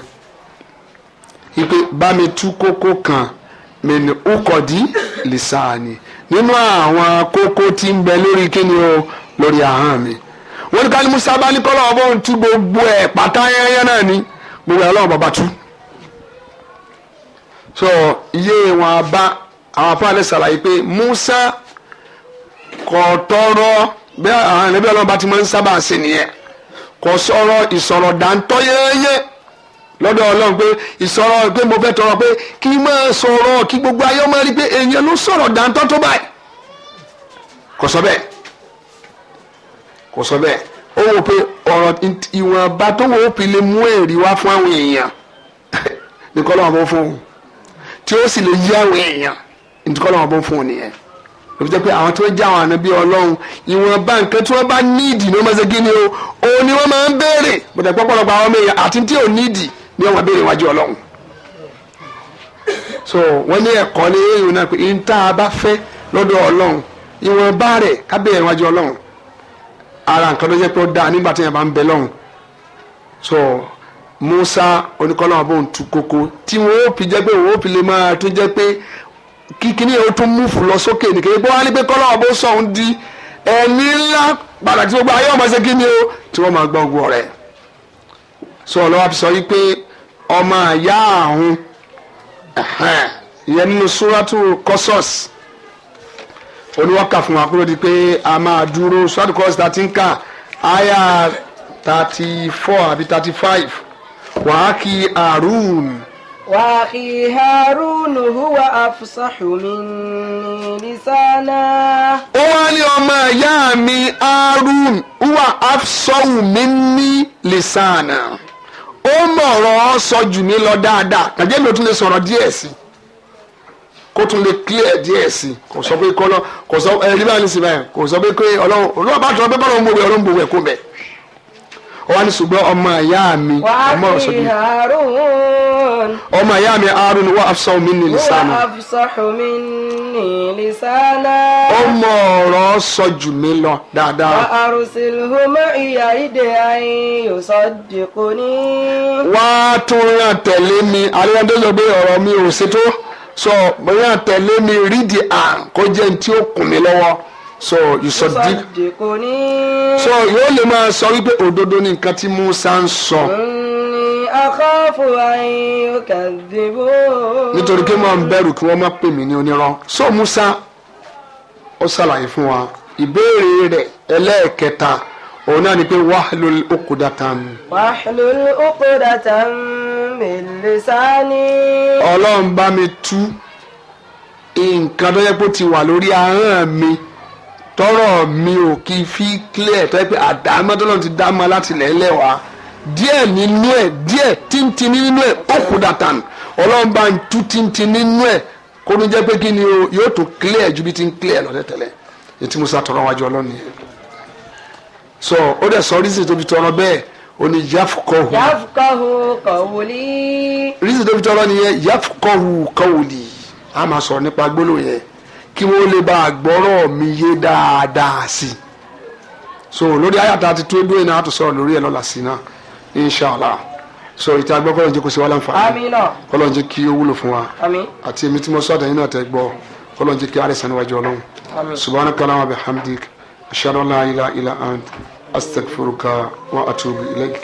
ipe bá mi tú kókó kan mẹ́ni ukọ́dì lìsàní nínú àwọn kókó tí ń bẹ lórí kíni o lórí ahọ́n mi. wọ́n ní káni musa bá ní kọ́lọ́ ọ̀bọ̀ tú gbogbo ẹ̀ pátá yẹ́nyẹ́ náà ni gbogbo ẹ̀ ọlọ́run bàbá tú. sọ iye wọn bá àwọn afáàní ṣàlàyé pé Musa kò tọrọ bẹ́ẹ̀ àwọn ẹ̀rẹ́bí ọlọ́run bá ti máa ń sábà ṣe nìyẹn kò sọ̀rọ̀ ìsọ̀rọ̀ dáńtọ́ yẹ́yẹ́ lọ́dọ̀ ọlọ́run pé ìsọ̀rọ̀ pé mo fẹ́ tọrọ pé kí n máa sọ̀rọ̀ kí gbogbo ayé ọmọ rí pé èèyàn ló sọ̀rọ̀ dáńtọ́ tó báyìí kò sọ bẹ́ẹ̀ kò sọ bẹ́ẹ̀ ó wò pé ọ̀rọ̀ ìwọ̀nba tó wò ó fi lè mú èrì wá fún àwọn èèyàn nìkan lọ́wọ́ fún un tí ó sì lè yí àwọn èèyàn ntukọ́ lọ́wọ́ bó fún un nìyẹn lóbi jẹ́ pé àwọn tó jẹ́ àwọn ànábí ọlọ́run ìwọ̀nba nǹkan ní wọ́n máa ṣe o òun ni máa ń béèrè bọ̀dẹ̀ pọ́pọ́lọpọ̀ àwọn ọmọ èèyàn àti ò níìdì ni wọ́n béèrè wájú ọlọ́run. so wọ́n ní ẹ̀kọ́ ní eyín náà pé n tá a bá fẹ́ lọ́dọ̀ ọlọ́run ìwọ̀nba rẹ̀ ká béèrè wájú ọlọ́run ara nǹkan tó jẹ́ pé ó nígbà tí yẹn bá ń bẹ lọ́run so Musa oníkọ́lọ́wọ́ bó ń tu koko tí wọ́n ó fi jẹ́ pé wọ́n ó fi lè máa tún jẹ́ pé kíkiní o tún múfù lọ sókè nìkan epo wá ní pé kọ́lọ́ ọ̀bọ sọ̀hún di ẹni ńlá pàtàkì gbogbo ayé ọmọ ṣe kí ni o tí wọ́n máa gbọ́ ogun ọ̀rẹ́ sọ ọlọ́wà fi sọ yìí pé ọmọ àyá àhún ìyẹn nínú súrátù kọ́sọ́s oníwọ́kà fún wa kúrò di pé a máa dúró súrátù kọ́sọ́s tá ń kà áyà thirty four àbí thirty five wàá kí àrùn. وأخي هارون هو أفصح مني لسانا. ó wá ní ọmọ ìyá mi harun huwa afsahu minni lisana ó mọ̀ ọ̀rọ̀ ọ sọ jù mí lọ dáadáa kàjẹ́ mi ò tún lè sọ̀rọ̀ díẹ̀ sí i kó tún lè clear díẹ̀ sí i kò sọ pé kọ́lọ́ kò sọ ẹ̀rí báyìí ní sinmi kò sọ pé pé ọlọ́run olúwa bá tọ́ pé bọ́lá ń bọ̀ wẹ̀ ọlọ́run bọ̀ wẹ̀ kó bẹ̀ ọwọ́ ní ṣùgbọ́n ọmọ ìyá mi ọmọ ọ̀sọ̀ mi ọmọ ìyá mi Harun wà afṣahu minni lisana. wà afṣahu minni lisana. ó mọ ọ̀rọ̀ sọ jù mí lọ dáadáa. wà arsilhu ma'iya ìdè ayin yusaddiquni. tún ràn tẹ̀lé mi àríyándóso pé ọ̀rọ̀ mi ò ṣètò sọ bóyá tẹ̀lé mi rídìí à kó jẹ́ ní tí ó kùn mí lọ́wọ́ so you yusudiku ni. so yóò lè máa sọ wípé òdodo ni nǹkan tí Musa ń sọ. ní nítorí kí wọ́n bẹ̀rù kí wọ́n má pè mí ní onírọ́. so Musa ó ṣàlàyé fún wa ìbéèrè rẹ̀ ẹlẹ́ẹ̀kẹta òun náà ni pé wahlul uqdatan. wahlul uqdatan min lisani. ọlọ́run bá mi tú nǹkan tó yẹ kó ti wà lórí ahọ́n mi tọrọ mi ò kì fi clear tọ́ pé àdámọ́ tọ́lọ́run ti dá mọ́ láti lẹ́lẹ́ wa díẹ̀ nínú ẹ̀ díẹ̀ tíntín nínú ẹ̀ ó kú dàtàn ọlọ́run bá ń tú tíntín nínú ẹ̀ kó ló jẹ́ pé kí ni o yóò tó clear ju bí ti ń clear lọ́dẹ tẹ́lẹ̀ ètí musa tọrọ wájú ọlọ́run yẹn so ó dẹ̀ sọ rísì tó fi tọrọ bẹ́ẹ̀ ó ní yafukohu yafukohu kọ̀wòlì. rísì tó fi tọrọ nìyẹn yafukohu kọ̀wòlì a máa sọ̀rọ̀ nípa gbólóhùn kí wọ́n lè bá àgbọ́rọ̀ mi yé dáadáa sí i so lórí àyàtà àti tó dúró iná àtúnṣọ̀rọ̀ lórí ẹ̀ lọ́la sí náà inshàlá so ìta gbọ́ kọ́lọ́njẹ́ kò sí wa láǹfààní kọ́lọ́njẹ́ kí ó wúlò fún wa àti èmi tí mo sọ àtẹ̀yìn náà tẹ́ gbọ́ kọ́lọ́njẹ́ kí àrẹ̀sán níwájú ọlọ́run subhanaka wa bihamdik ashhadu an la ilaha illa ant astaghfiruka wa atubu ilaik.